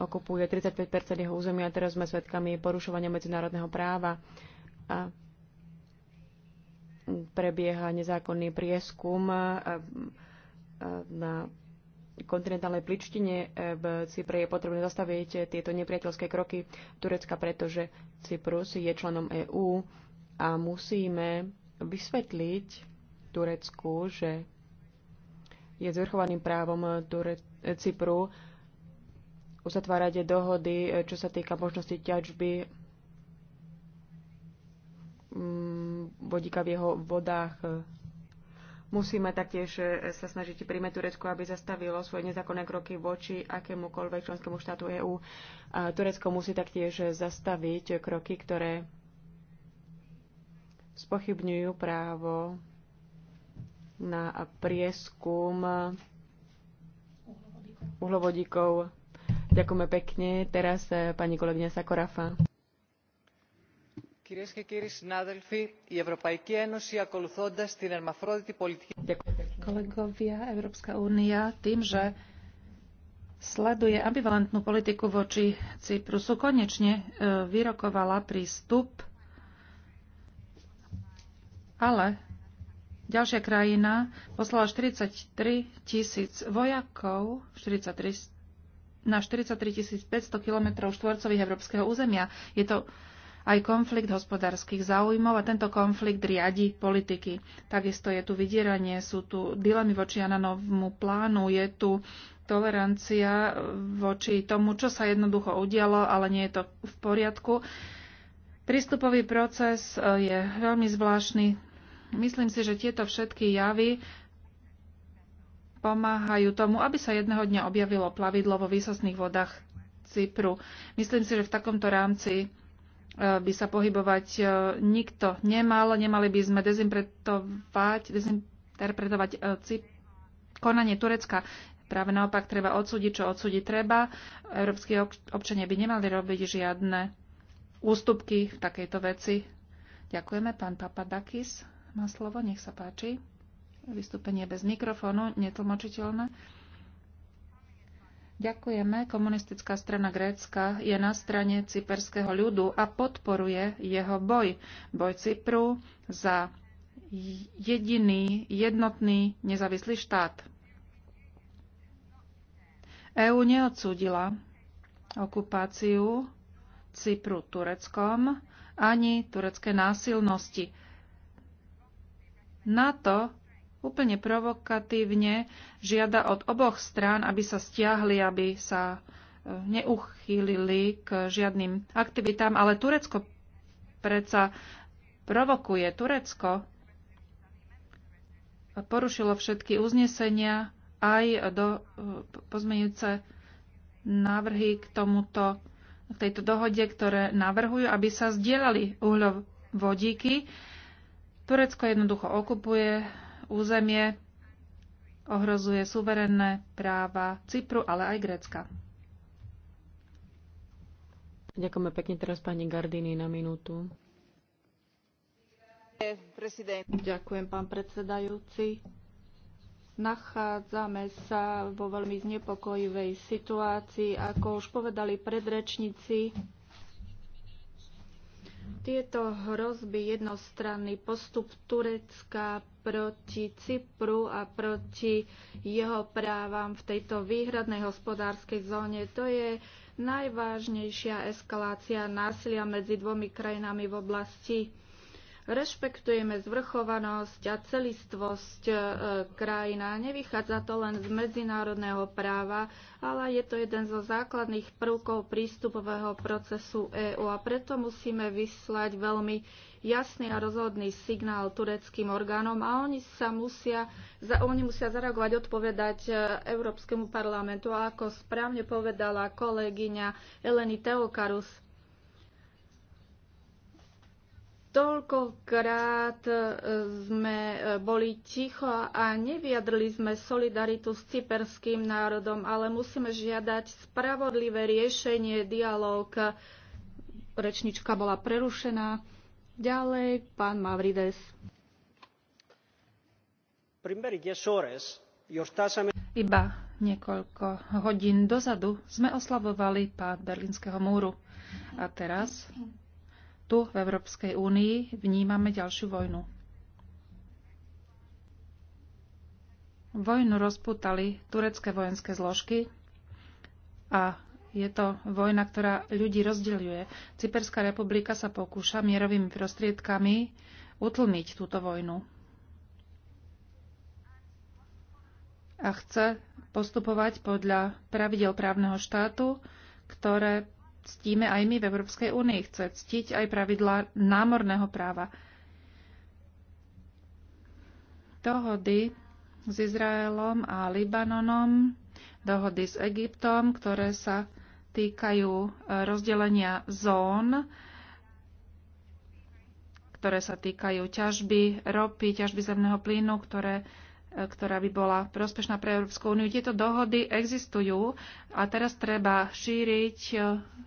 okupuje 35 jeho územia. a Teraz sme svedkami porušovania medzinárodného práva a prebieha nezákonný prieskum na kontinentálnej pličtine eh, v Cypre je potrebné zastaviť eh, tieto nepriateľské kroky Turecka, pretože Cyprus je členom EÚ a musíme vysvetliť Turecku, že je zvrchovaným právom Ture- Cypru uzatvárať dohody, eh, čo sa týka možnosti ťažby mm, vodíka v jeho vodách Musíme taktiež e, sa snažiť príjme Turecko, aby zastavilo svoje nezákonné kroky voči akémukoľvek členskému štátu EÚ. Turecko musí taktiež zastaviť kroky, ktoré spochybňujú právo na prieskum uhlovodíkov. Ďakujeme pekne. Teraz e, pani kolegyňa Sakorafa. Κυρίες και κύριοι συνάδελφοι, η Ευρωπαϊκή Ένωση ακολουθώντας την ερμαφρόδιτη πολιτική... Kolegovia, Európska únia tým, že sleduje ambivalentnú politiku voči Cyprusu, konečne e, vyrokovala prístup, ale ďalšia krajina poslala 43 tisíc vojakov, 43 na 43 500 km štvorcových európskeho územia. Je to aj konflikt hospodárskych záujmov a tento konflikt riadi politiky. Takisto je tu vydieranie, sú tu dilemy voči Ananovmu plánu, je tu tolerancia voči tomu, čo sa jednoducho udialo, ale nie je to v poriadku. Prístupový proces e, je veľmi zvláštny. Myslím si, že tieto všetky javy pomáhajú tomu, aby sa jedného dňa objavilo plavidlo vo výsostných vodách Cypru. Myslím si, že v takomto rámci by sa pohybovať e, nikto nemal. Nemali by sme dezinterpretovať, dezinterpretovať e, konanie Turecka. Práve naopak treba odsúdiť, čo odsúdiť treba. Európsky občania by nemali robiť žiadne ústupky v takejto veci. Ďakujeme. Pán Papadakis má slovo, nech sa páči. Vystúpenie bez mikrofónu, netlmočiteľné. Ďakujeme. Komunistická strana Grécka je na strane cyperského ľudu a podporuje jeho boj. Boj Cypru za jediný, jednotný, nezávislý štát. EÚ neodsúdila okupáciu Cypru Tureckom ani turecké násilnosti. NATO úplne provokatívne žiada od oboch strán, aby sa stiahli, aby sa e, neuchýlili k žiadnym aktivitám, ale Turecko predsa provokuje. Turecko porušilo všetky uznesenia aj do e, pozmeňujúce návrhy k tomuto k tejto dohode, ktoré navrhujú, aby sa zdieľali uhľovodíky. Turecko jednoducho okupuje územie, ohrozuje suverenné práva Cypru, ale aj Grécka. Ďakujeme pekne teraz pani Gardini na minútu. Ďakujem, pán predsedajúci. Nachádzame sa vo veľmi znepokojivej situácii. Ako už povedali predrečníci, tieto hrozby, jednostranný postup Turecka proti Cypru a proti jeho právam v tejto výhradnej hospodárskej zóne, to je najvážnejšia eskalácia násilia medzi dvomi krajinami v oblasti Rešpektujeme zvrchovanosť a celistvosť e, krajina. Nevychádza to len z medzinárodného práva, ale je to jeden zo základných prvkov prístupového procesu EÚ a preto musíme vyslať veľmi jasný a rozhodný signál tureckým orgánom a oni sa musia, za, oni musia zareagovať, odpovedať e, Európskemu parlamentu. A ako správne povedala kolegyňa Eleni Teokarus, Toľkokrát e, sme e, boli ticho a nevyjadrili sme solidaritu s cyperským národom, ale musíme žiadať spravodlivé riešenie, dialog. Rečnička bola prerušená. Ďalej, pán Mavrides. Iba niekoľko hodín dozadu sme oslavovali pád Berlínskeho múru. A teraz tu v Európskej únii vnímame ďalšiu vojnu. Vojnu rozputali turecké vojenské zložky a je to vojna, ktorá ľudí rozdeľuje. Cyperská republika sa pokúša mierovými prostriedkami utlmiť túto vojnu. A chce postupovať podľa pravidel právneho štátu, ktoré ctíme aj my v Európskej únii. Chce ctiť aj pravidla námorného práva. Dohody s Izraelom a Libanonom, dohody s Egyptom, ktoré sa týkajú e, rozdelenia zón, ktoré sa týkajú ťažby ropy, ťažby zemného plynu, ktoré ktorá by bola prospešná pre Európsku úniu. Tieto dohody existujú a teraz treba šíriť e,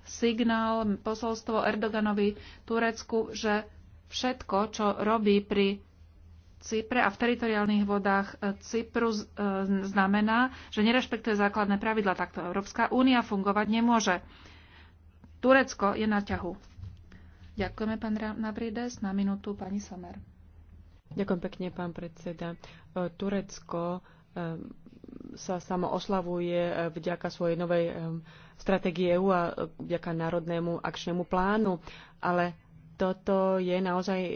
signál, posolstvo Erdoganovi Turecku, že všetko, čo robí pri Cypre a v teritoriálnych vodách e, Cypru e, znamená, že nerešpektuje základné pravidla. Takto Európska únia fungovať nemôže. Turecko je na ťahu. Ďakujeme, pán Navrides. Na minútu pani Somer. Ďakujem pekne, pán predseda. E, Turecko e, sa samo oslavuje e, vďaka svojej novej stratégie EU a vďaka národnému akčnému plánu, ale toto je naozaj e,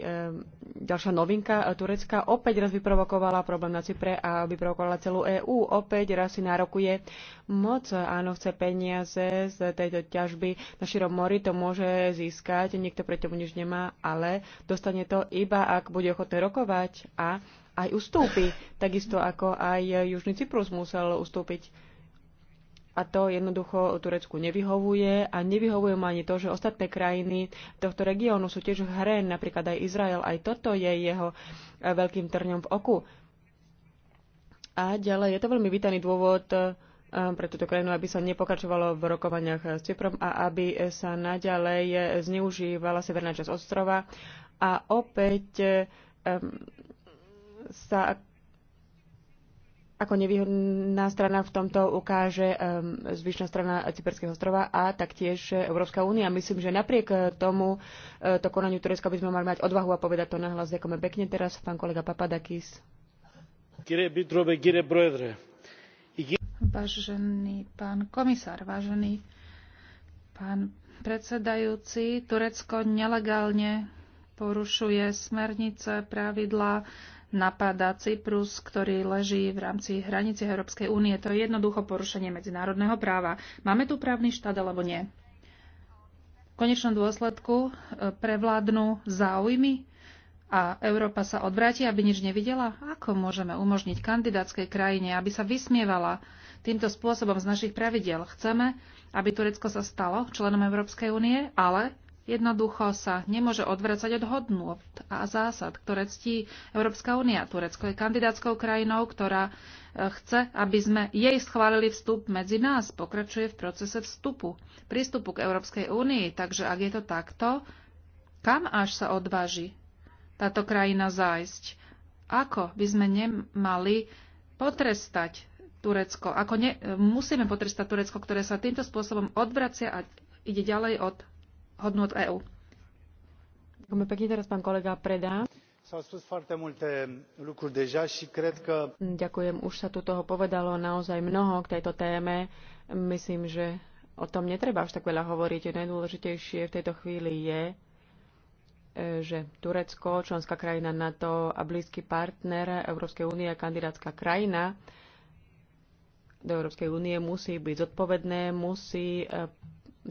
ďalšia novinka. E, Turecka opäť raz vyprovokovala problém na Cypre a vyprovokovala celú EÚ. Opäť raz si nárokuje moc. Áno, chce peniaze z tejto ťažby na širom mori. To môže získať. Nikto pre tomu nič nemá, ale dostane to iba, ak bude ochotné rokovať a aj ustúpi. Takisto ako aj Južný Cyprus musel ustúpiť a to jednoducho Turecku nevyhovuje a nevyhovuje mu ani to, že ostatné krajiny tohto regiónu sú tiež v hre, napríklad aj Izrael. Aj toto je jeho eh, veľkým trňom v oku. A ďalej je to veľmi vítaný dôvod eh, pre túto krajinu, aby sa nepokračovalo v rokovaniach s Cyprom a aby sa naďalej eh, zneužívala severná časť ostrova. A opäť um, sa ako nevýhodná strana v tomto ukáže ehm, zvyšná strana Cyperského ostrova a taktiež Európska únia. Myslím, že napriek eh, tomu eh, to konaniu Turecka by sme mali mať odvahu a povedať to nahlas. Ďakujeme pekne teraz, pán kolega Papadakis. Vážený pán komisár, vážený pán predsedajúci, Turecko nelegálne porušuje smernice, pravidlá napadá Cyprus, ktorý leží v rámci hranice Európskej únie. To je jednoducho porušenie medzinárodného práva. Máme tu právny štát alebo nie? V konečnom dôsledku e, prevládnu záujmy a Európa sa odvráti, aby nič nevidela? Ako môžeme umožniť kandidátskej krajine, aby sa vysmievala týmto spôsobom z našich pravidel? Chceme, aby Turecko sa stalo členom Európskej únie, ale jednoducho sa nemôže odvracať od hodnot a zásad, ktoré ctí Európska únia. Turecko je kandidátskou krajinou, ktorá e, chce, aby sme jej schválili vstup medzi nás. Pokračuje v procese vstupu, prístupu k Európskej únii. Takže ak je to takto, kam až sa odváži táto krajina zájsť? Ako by sme nemali potrestať Turecko? Ako ne, musíme potrestať Turecko, ktoré sa týmto spôsobom odvracia a ide ďalej od hodnot EÚ. Ďakujeme pekne teraz pán kolega Predá. Ďakujem, už sa tu toho povedalo naozaj mnoho k tejto téme. Myslím, že o tom netreba až tak veľa hovoriť. Najdôležitejšie v tejto chvíli je, e, že Turecko, členská krajina NATO a blízky partner Európskej únie, kandidátska krajina do Európskej únie musí byť zodpovedné, musí e,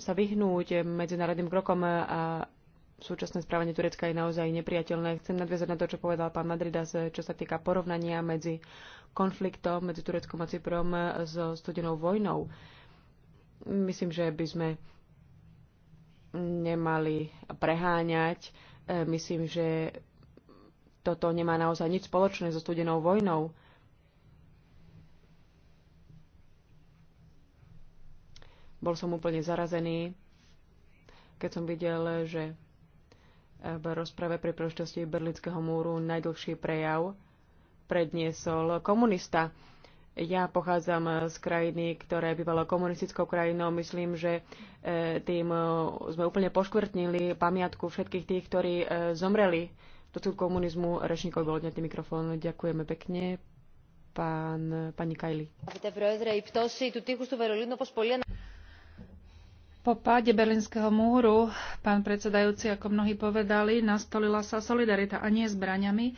sa vyhnúť medzinárodným krokom a súčasné správanie Turecka je naozaj nepriateľné. Chcem nadviazať na to, čo povedal pán Madridas, čo sa týka porovnania medzi konfliktom medzi Tureckom a Cyprom so studenou vojnou. Myslím, že by sme nemali preháňať. Myslím, že toto nemá naozaj nič spoločné so studenou vojnou. Bol som úplne zarazený, keď som videl, že v rozprave pri príležitosti Berlínskeho múru najdlhší prejav predniesol komunista. Ja pochádzam z krajiny, ktoré bývalo komunistickou krajinou. Myslím, že e, tým e, sme úplne poškvrtnili pamiatku všetkých tých, ktorí e, zomreli do tú komunizmu. Rečníkov bol odňatý mikrofón. Ďakujeme pekne. Pán, pani Kajli. Po páde Berlínskeho múru, pán predsedajúci, ako mnohí povedali, nastolila sa solidarita a nie zbraňami,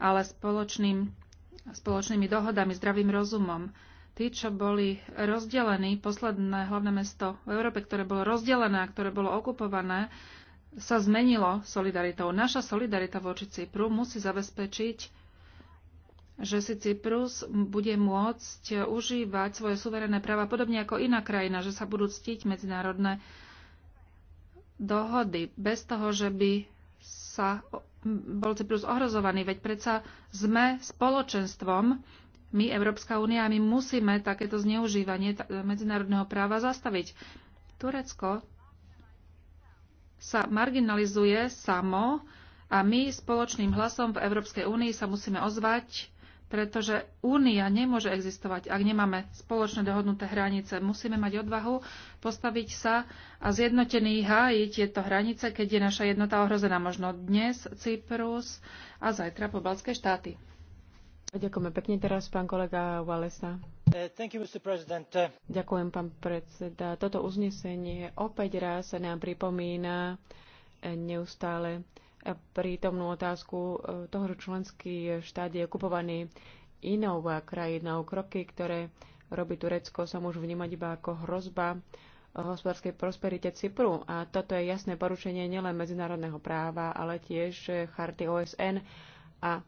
ale spoločným, spoločnými dohodami, zdravým rozumom. Tí, čo boli rozdelení, posledné hlavné mesto v Európe, ktoré bolo rozdelené a ktoré bolo okupované, sa zmenilo solidaritou. Naša solidarita voči Cypru musí zabezpečiť že si Cyprus bude môcť užívať svoje suverénne práva podobne ako iná krajina, že sa budú ctiť medzinárodné dohody, bez toho, že by sa bol Cyprus ohrozovaný. Veď predsa sme spoločenstvom, my, Európska únia, my musíme takéto zneužívanie medzinárodného práva zastaviť. Turecko sa marginalizuje samo a my spoločným hlasom v Európskej únii sa musíme ozvať pretože únia nemôže existovať, ak nemáme spoločne dohodnuté hranice. Musíme mať odvahu postaviť sa a zjednotený hájiť tieto hranice, keď je naša jednota ohrozená možno dnes Cyprus a zajtra po Balské štáty. Ďakujeme pekne teraz, pán kolega Walesa. Ďakujem, pán predseda. Toto uznesenie opäť raz sa nám pripomína neustále prítomnú otázku e, toho, že členský štát je kupovaný inou krajinou. Kroky, ktoré robí Turecko, sa môžu vnímať iba ako hrozba e, hospodárskej prosperite Cypru. A toto je jasné porušenie nielen medzinárodného práva, ale tiež charty OSN a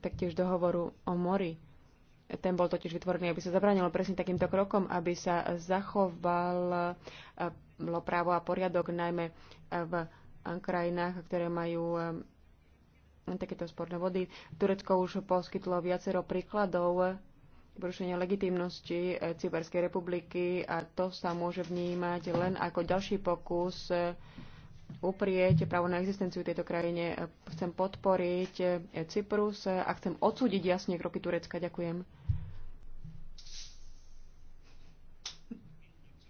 taktiež dohovoru o mori. Ten bol totiž vytvorený, aby sa zabránilo presne takýmto krokom, aby sa zachoval e, právo a poriadok najmä v krajinách, ktoré majú takéto sporné vody. Turecko už poskytlo viacero príkladov porušenia legitimnosti eh, Cyberskej republiky a to sa môže vnímať len ako ďalší pokus eh, uprieť právo na existenciu tejto krajine. Chcem podporiť eh, Cyprus a chcem odsúdiť jasne kroky Turecka. Ďakujem.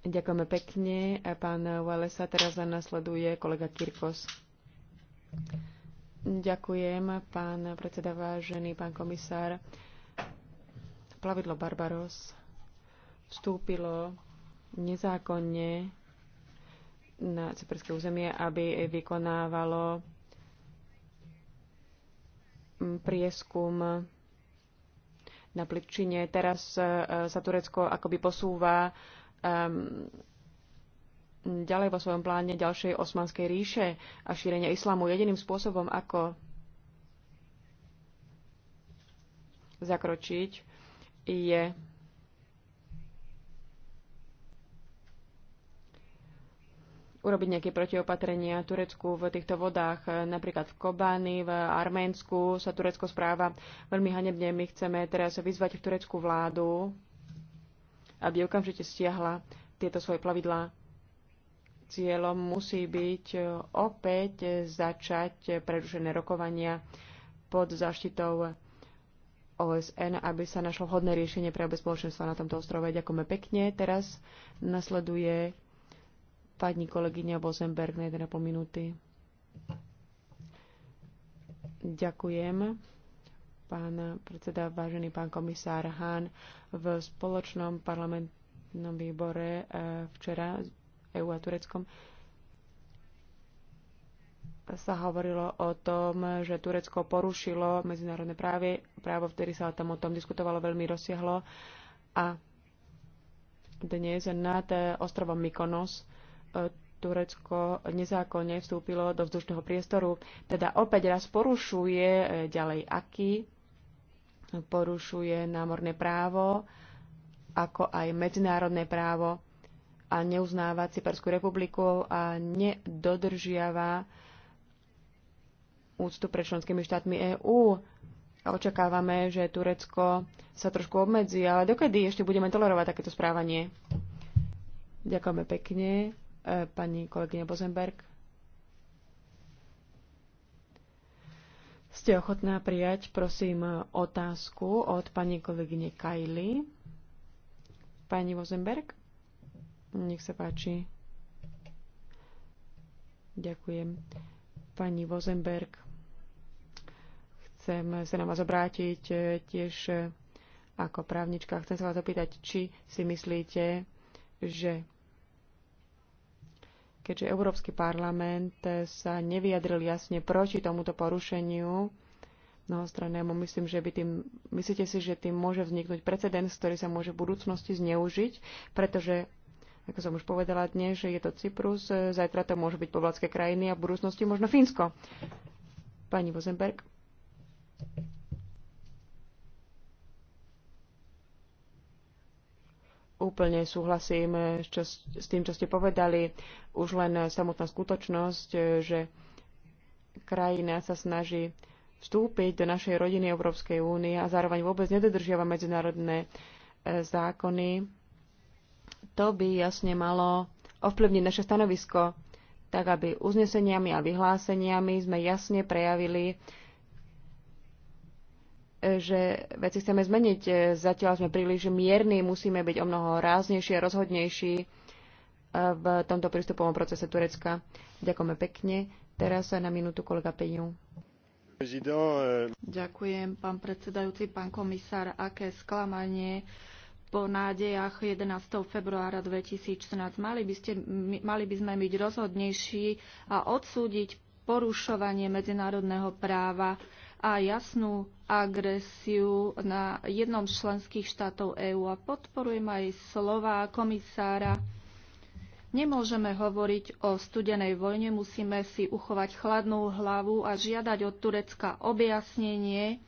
Ďakujeme pekne. Pán Walesa, teraz za nasleduje kolega Kirkos. Ďakujem, pán predseda, vážený pán komisár. Plavidlo Barbaros vstúpilo nezákonne na cyperské územie, aby vykonávalo prieskum na Plivčine. Teraz e, sa Turecko akoby posúva um, ďalej vo svojom pláne ďalšej osmanskej ríše a šírenia islamu. Jediným spôsobom, ako zakročiť, je urobiť nejaké protiopatrenia Turecku v týchto vodách, napríklad v Kobány, v Arménsku sa Turecko správa veľmi hanebne. My chceme teraz vyzvať v Turecku vládu, aby okamžite stiahla tieto svoje plavidlá. Cieľom musí byť e, opäť začať prerušené rokovania pod záštitou OSN, aby sa našlo vhodné riešenie pre obe spoločenstva na tomto ostrove. Ďakujeme pekne. Teraz nasleduje pani kolegyňa Bozenberg na 1,5 minúty. Ďakujem pán predseda, vážený pán komisár Hahn. V spoločnom parlamentnom výbore eh, včera EU a Tureckom sa hovorilo o tom, že Turecko porušilo medzinárodné práve, právo, vtedy sa tam o tom diskutovalo veľmi rozsiahlo a dnes nad eh, ostrovom Mykonos eh, Turecko nezákonne vstúpilo do vzdušného priestoru, teda opäť raz porušuje ďalej aký porušuje námorné právo, ako aj medzinárodné právo a neuznáva Cyperskú republiku a nedodržiava úctu pre členskými štátmi EÚ. Očakávame, že Turecko sa trošku obmedzí, ale dokedy ešte budeme tolerovať takéto správanie? Ďakujeme pekne, e, pani kolegyňa Bozenberg. Ste ochotná prijať, prosím, otázku od pani kolegyne Kajly. Pani Vozenberg, nech sa páči. Ďakujem. Pani Vozenberg, chcem sa na vás obrátiť eh, tiež eh, ako právnička. Chcem sa vás opýtať, či si myslíte, že keďže Európsky parlament sa nevyjadril jasne proti tomuto porušeniu mnohostrannému, myslím, že by tým, myslíte si, že tým môže vzniknúť precedens, ktorý sa môže v budúcnosti zneužiť, pretože ako som už povedala dnes, že je to Cyprus, zajtra to môžu byť povladské krajiny a v budúcnosti možno Fínsko. Pani Vozenberg. Úplne súhlasím čo, s tým, čo ste povedali. Už len samotná skutočnosť, že krajina sa snaží vstúpiť do našej rodiny Európskej únie a zároveň vôbec nedodržiava medzinárodné e, zákony, to by jasne malo ovplyvniť naše stanovisko, tak aby uzneseniami a vyhláseniami sme jasne prejavili, že veci chceme zmeniť. E, zatiaľ sme príliš mierni, musíme byť o mnoho ráznejší a rozhodnejší e, v tomto prístupovom procese Turecka. Ďakujeme pekne. Teraz na minútu kolega Peňu. Ďakujem, pán predsedajúci, pán komisár. Aké sklamanie po nádejach 11. februára 2014. Mali by, ste, mali by sme byť rozhodnejší a odsúdiť porušovanie medzinárodného práva a jasnú agresiu na jednom z členských štátov EÚ a podporujem aj slova komisára. Nemôžeme hovoriť o studenej vojne, musíme si uchovať chladnú hlavu a žiadať od Turecka objasnenie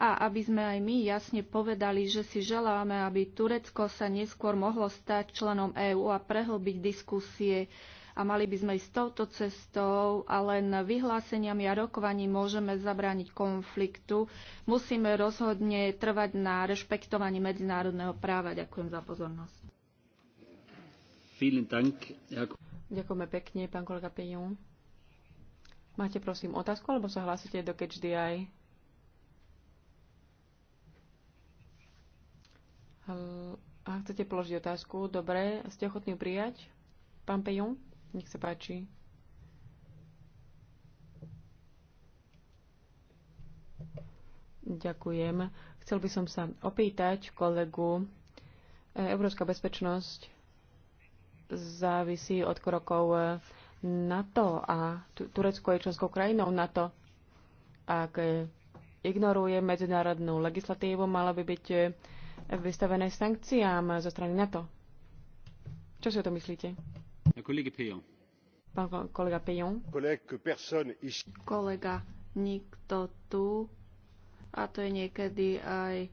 a aby sme aj my jasne povedali, že si želáme, aby Turecko sa neskôr mohlo stať členom EÚ a prehlbiť diskusie a mali by sme ísť touto cestou a len vyhláseniami a rokovaním môžeme zabrániť konfliktu. Musíme rozhodne trvať na rešpektovaní medzinárodného práva. Ďakujem za pozornosť. Ďakujeme pekne, pán kolega Pejon. Máte prosím otázku, alebo sa hlásite do Catch the Eye? A chcete položiť otázku? Dobre, ste ochotní prijať? Pán Pejon? Nech sa páči. Ďakujem. Chcel by som sa opýtať kolegu. E, Európska bezpečnosť závisí od krokov e, NATO a Turecko je členskou krajinou NATO. Ak e, ignoruje medzinárodnú legislatívu, malo by byť vystavené sankciám zo strany NATO. Čo si o to myslíte? Pán kolega Pejon. Kolega, nikto tu. A to je niekedy aj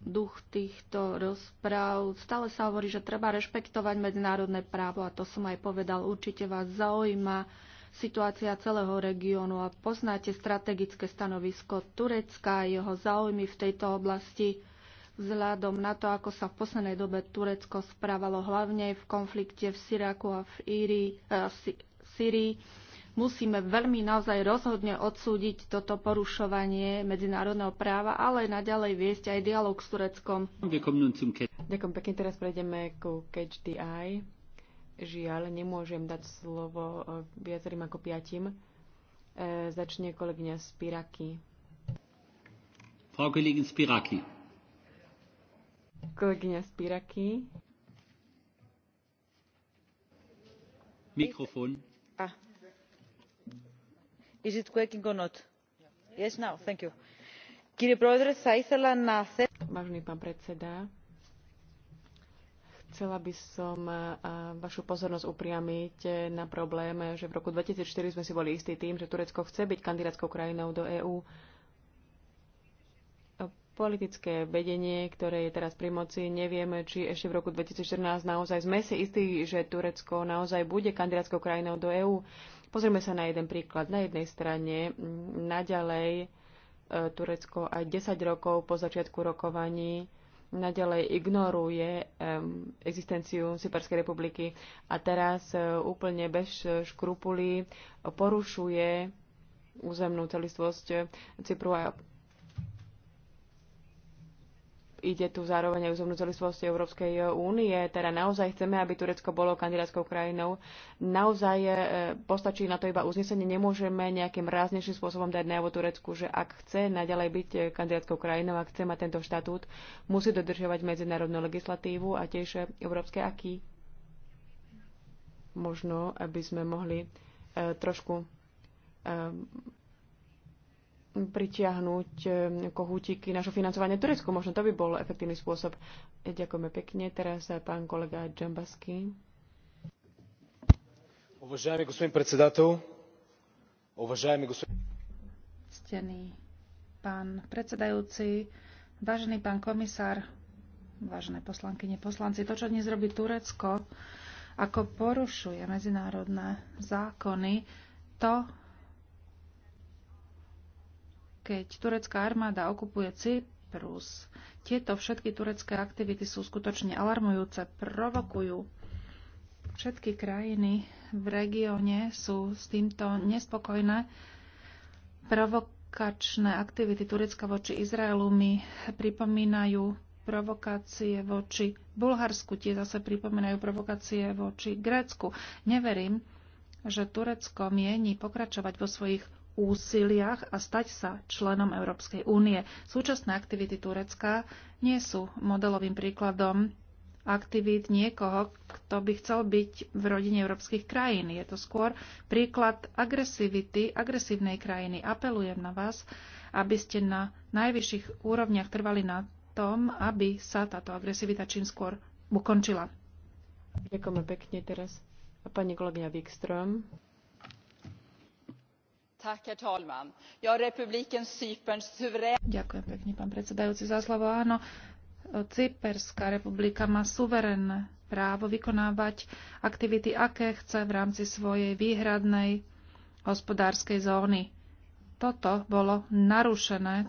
duch týchto rozpráv. Stále sa hovorí, že treba rešpektovať medzinárodné právo a to som aj povedal. Určite vás zaujíma situácia celého regiónu a poznáte strategické stanovisko Turecka a jeho záujmy v tejto oblasti vzhľadom na to, ako sa v poslednej dobe Turecko správalo hlavne v konflikte v Syraku a v Írii, e, Syrii. Musíme veľmi naozaj rozhodne odsúdiť toto porušovanie medzinárodného práva, ale naďalej viesť aj dialog s Tureckom. Ďakujem pekne, teraz prejdeme ku Catch the Eye. Žiaľ, nemôžem dať slovo e, viacerým ako piatim. E, začne kolegyňa Spiraky. Frau Kollegin Spiraki. Kolegyňa Spiraky. Mikrofón. Ah. Is it working or not? Yes, now. Thank you. Kýri Πρόεδρε, sa ήθελα na... Vážený pán predseda, chcela by som vašu pozornosť upriamiť na problém, že v roku 2004 sme si boli istí tým, že Turecko chce byť kandidátskou krajinou do EÚ politické vedenie, ktoré je teraz pri moci. Nevieme, či ešte v roku 2014 naozaj sme si istí, že Turecko naozaj bude kandidátskou krajinou do EÚ. Pozrieme sa na jeden príklad. Na jednej strane mm, naďalej e, Turecko aj 10 rokov po začiatku rokovaní naďalej ignoruje um, existenciu Cyperskej republiky a teraz uh, úplne bez škrupulí porušuje územnú celistvosť Cypru a Ide tu zároveň aj o zomnú celistvosti Európskej únie, teda naozaj chceme, aby Turecko bolo kandidátskou krajinou. Naozaj e, postačí na to iba uznesenie, nemôžeme nejakým ráznejším spôsobom dať najavo Turecku, že ak chce naďalej byť e, kandidátskou krajinou, ak chce mať tento štatút, musí dodržiavať medzinárodnú legislatívu a tiež e, európske aký. Možno, aby sme mohli trošku pritiahnuť eh, kohútiky našho financovania Turecku. Možno to by bol efektívny spôsob. Eh, ďakujeme pekne. Teraz eh, pán kolega Džambasky. Уважаеми gospodin председател, уважаеми gospodin... Стеný pán predsedajúci, vážený pán komisár, vážené poslankyne, poslanci, to, čo dnes robí Turecko, ako porušuje medzinárodné zákony, to keď turecká armáda okupuje Cyprus. Tieto všetky turecké aktivity sú skutočne alarmujúce, provokujú. Všetky krajiny v regióne sú s týmto nespokojné. Provokačné aktivity Turecka voči Izraelu mi pripomínajú provokácie voči Bulharsku, tie zase pripomínajú provokácie voči Grécku. Neverím, že Turecko mieni pokračovať vo svojich úsiliach a stať sa členom Európskej únie. Súčasné aktivity Turecka nie sú modelovým príkladom aktivít niekoho, kto by chcel byť v rodine európskych krajín. Je to skôr príklad agresivity, agresívnej krajiny. Apelujem na vás, aby ste na najvyšších úrovniach trvali na tom, aby sa táto agresivita čím skôr ukončila. Ďakujeme pekne teraz. A pani kolegyňa Wikström. Ďakujem pekne, pán predsedajúci, za slovo. Áno, Cyperská republika má suverénne právo vykonávať aktivity, aké chce v rámci svojej výhradnej hospodárskej zóny. Toto bolo narušené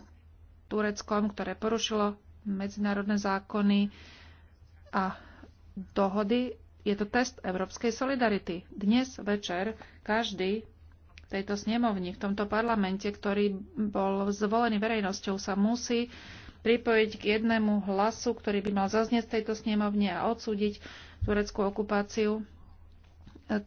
Tureckom, ktoré porušilo medzinárodné zákony a dohody. Je to test európskej solidarity. Dnes večer každý tejto snemovni, v tomto parlamente, ktorý bol zvolený verejnosťou, sa musí pripojiť k jednému hlasu, ktorý by mal zaznieť z tejto snemovne a odsúdiť tureckú okupáciu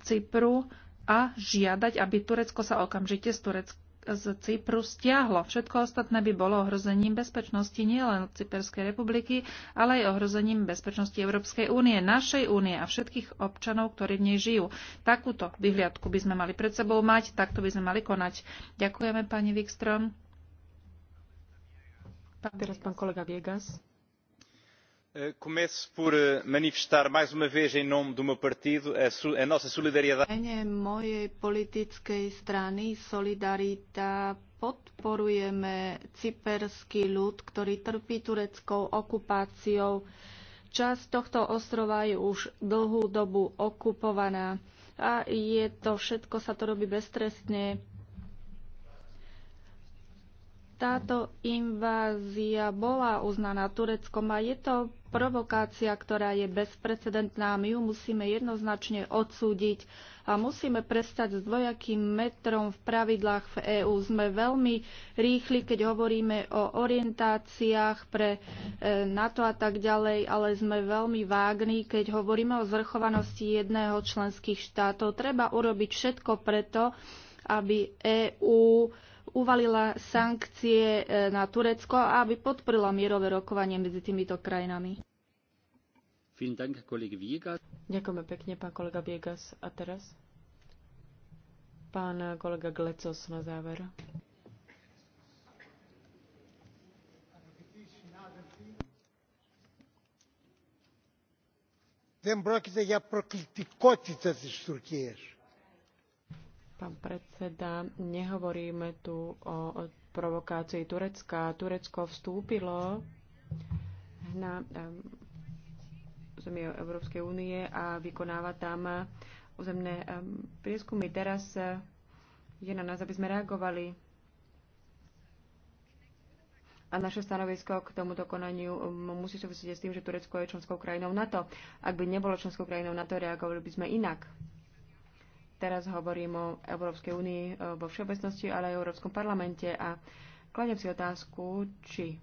Cypru a žiadať, aby Turecko sa okamžite z Turecka z Cypru stiahlo. Všetko ostatné by bolo ohrozením bezpečnosti nielen Cyperskej republiky, ale aj ohrozením bezpečnosti Európskej únie, našej únie a všetkých občanov, ktorí v nej žijú. Takúto vyhliadku by sme mali pred sebou mať, takto by sme mali konať. Ďakujeme, pani Wikström. Teraz pán kolega Viegas. Eh, começo por eh, manifestar mais uma vez em nome do meu partido a, nossa solidariedade. Mene mojej politickej strany Solidarita podporujeme cyperský ľud, ktorý trpí tureckou okupáciou. Časť tohto ostrova je už dlhú dobu okupovaná a je to všetko sa to robí beztrestne táto invázia bola uznaná Tureckom a je to provokácia, ktorá je bezprecedentná. My ju musíme jednoznačne odsúdiť a musíme prestať s dvojakým metrom v pravidlách v EÚ. Sme veľmi rýchli, keď hovoríme o orientáciách pre e, NATO a tak ďalej, ale sme veľmi vágní, keď hovoríme o zrchovanosti jedného členských štátov. Treba urobiť všetko preto, aby EÚ uvalila sankcie e, na Turecko a aby podporila mierové rokovanie medzi týmito krajinami. Ďakujeme pekne, pán kolega Viegas. A teraz? Pán kolega Glecos na záver. Δεν πρόκειται για προκλητικότητα της Τουρκίας Pán predseda, nehovoríme tu o, provokácii Turecka. Turecko vstúpilo na územie Európskej únie a vykonáva tam územné prieskumy. Teraz eh, je na nás, aby sme reagovali a naše stanovisko k tomuto konaniu musí súvisieť s tým, že Turecko je členskou krajinou NATO. Ak by nebolo členskou krajinou NATO, reagovali by sme inak. Teraz hovorím o Európskej únii e, vo všeobecnosti, ale aj o Európskom parlamente a kladem si otázku, či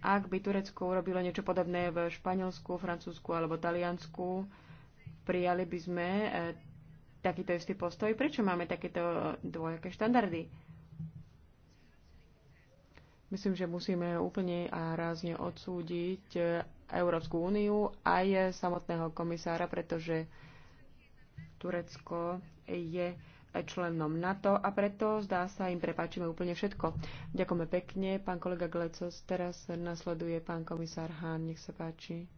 ak by Turecko urobilo niečo podobné v Španielsku, Francúzsku alebo Taliansku, prijali by sme e, takýto istý postoj. Prečo máme takéto dvojaké štandardy? Myslím, že musíme úplne a rázne odsúdiť e, Európsku úniu aj samotného komisára, pretože Turecko je členom NATO a preto zdá sa im prepáčime úplne všetko. Ďakujeme pekne, pán kolega Glecos. Teraz nasleduje pán komisár Hán, nech sa páči.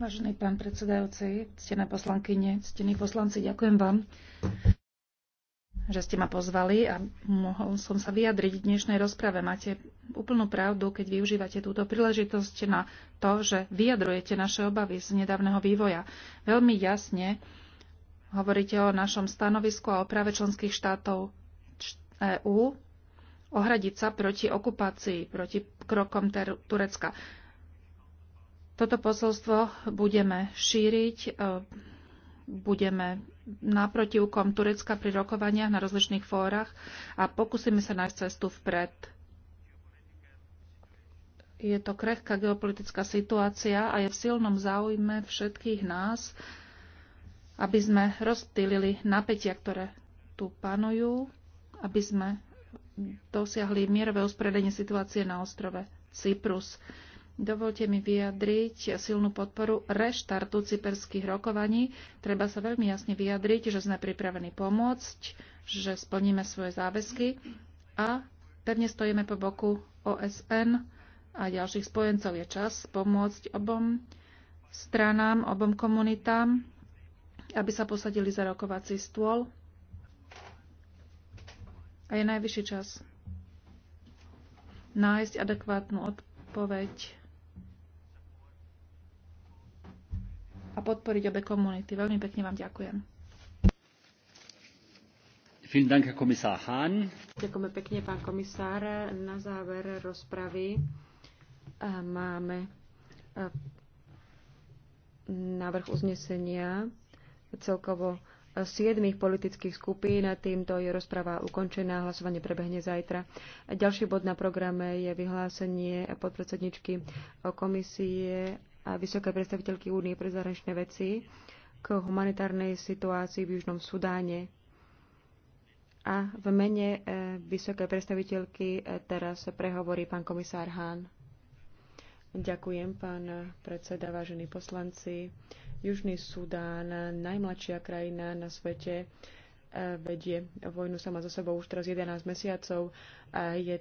Vážený pán predsedajúci, ctené poslankyne, ctení poslanci, ďakujem vám že ste ma pozvali a mohol som sa vyjadriť v dnešnej rozprave. Máte úplnú pravdu, keď využívate túto príležitosť na to, že vyjadrujete naše obavy z nedávneho vývoja. Veľmi jasne hovoríte o našom stanovisku a o práve členských štátov EÚ ohradiť sa proti okupácii, proti krokom Turecka. Toto posolstvo budeme šíriť e, budeme naprotivkom Turecka pri rokovaniach na rozličných fórach a pokúsime sa nájsť cestu vpred. Je to krehká geopolitická situácia a je v silnom záujme všetkých nás, aby sme rozptýlili napätia, ktoré tu panujú, aby sme dosiahli mierové usporiadanie situácie na ostrove Cyprus. Dovolte mi vyjadriť silnú podporu reštartu cyperských rokovaní. Treba sa veľmi jasne vyjadriť, že sme pripravení pomôcť, že splníme svoje záväzky a pevne stojíme po boku OSN a ďalších spojencov. Je čas pomôcť obom stranám, obom komunitám, aby sa posadili za rokovací stôl. A je najvyšší čas nájsť adekvátnu odpoveď a podporiť obe komunity. Veľmi pekne vám ďakujem. Ďakujeme pekne, pán komisár. Na záver rozpravy eh, máme eh, návrh uznesenia celkovo eh, siedmých politických skupín. Týmto je rozprava ukončená. Hlasovanie prebehne zajtra. Ďalší bod na programe je vyhlásenie podpredsedničky komisie vysoké predstaviteľky Únie pre zahraničné veci k humanitárnej situácii v Južnom Sudáne. A v mene e, vysoké predstaviteľky e, teraz prehovorí pán komisár Hahn. Ďakujem, pán predseda, vážení poslanci. Južný Sudán, najmladšia krajina na svete, e, vedie vojnu sama za sebou už teraz 11 mesiacov. Je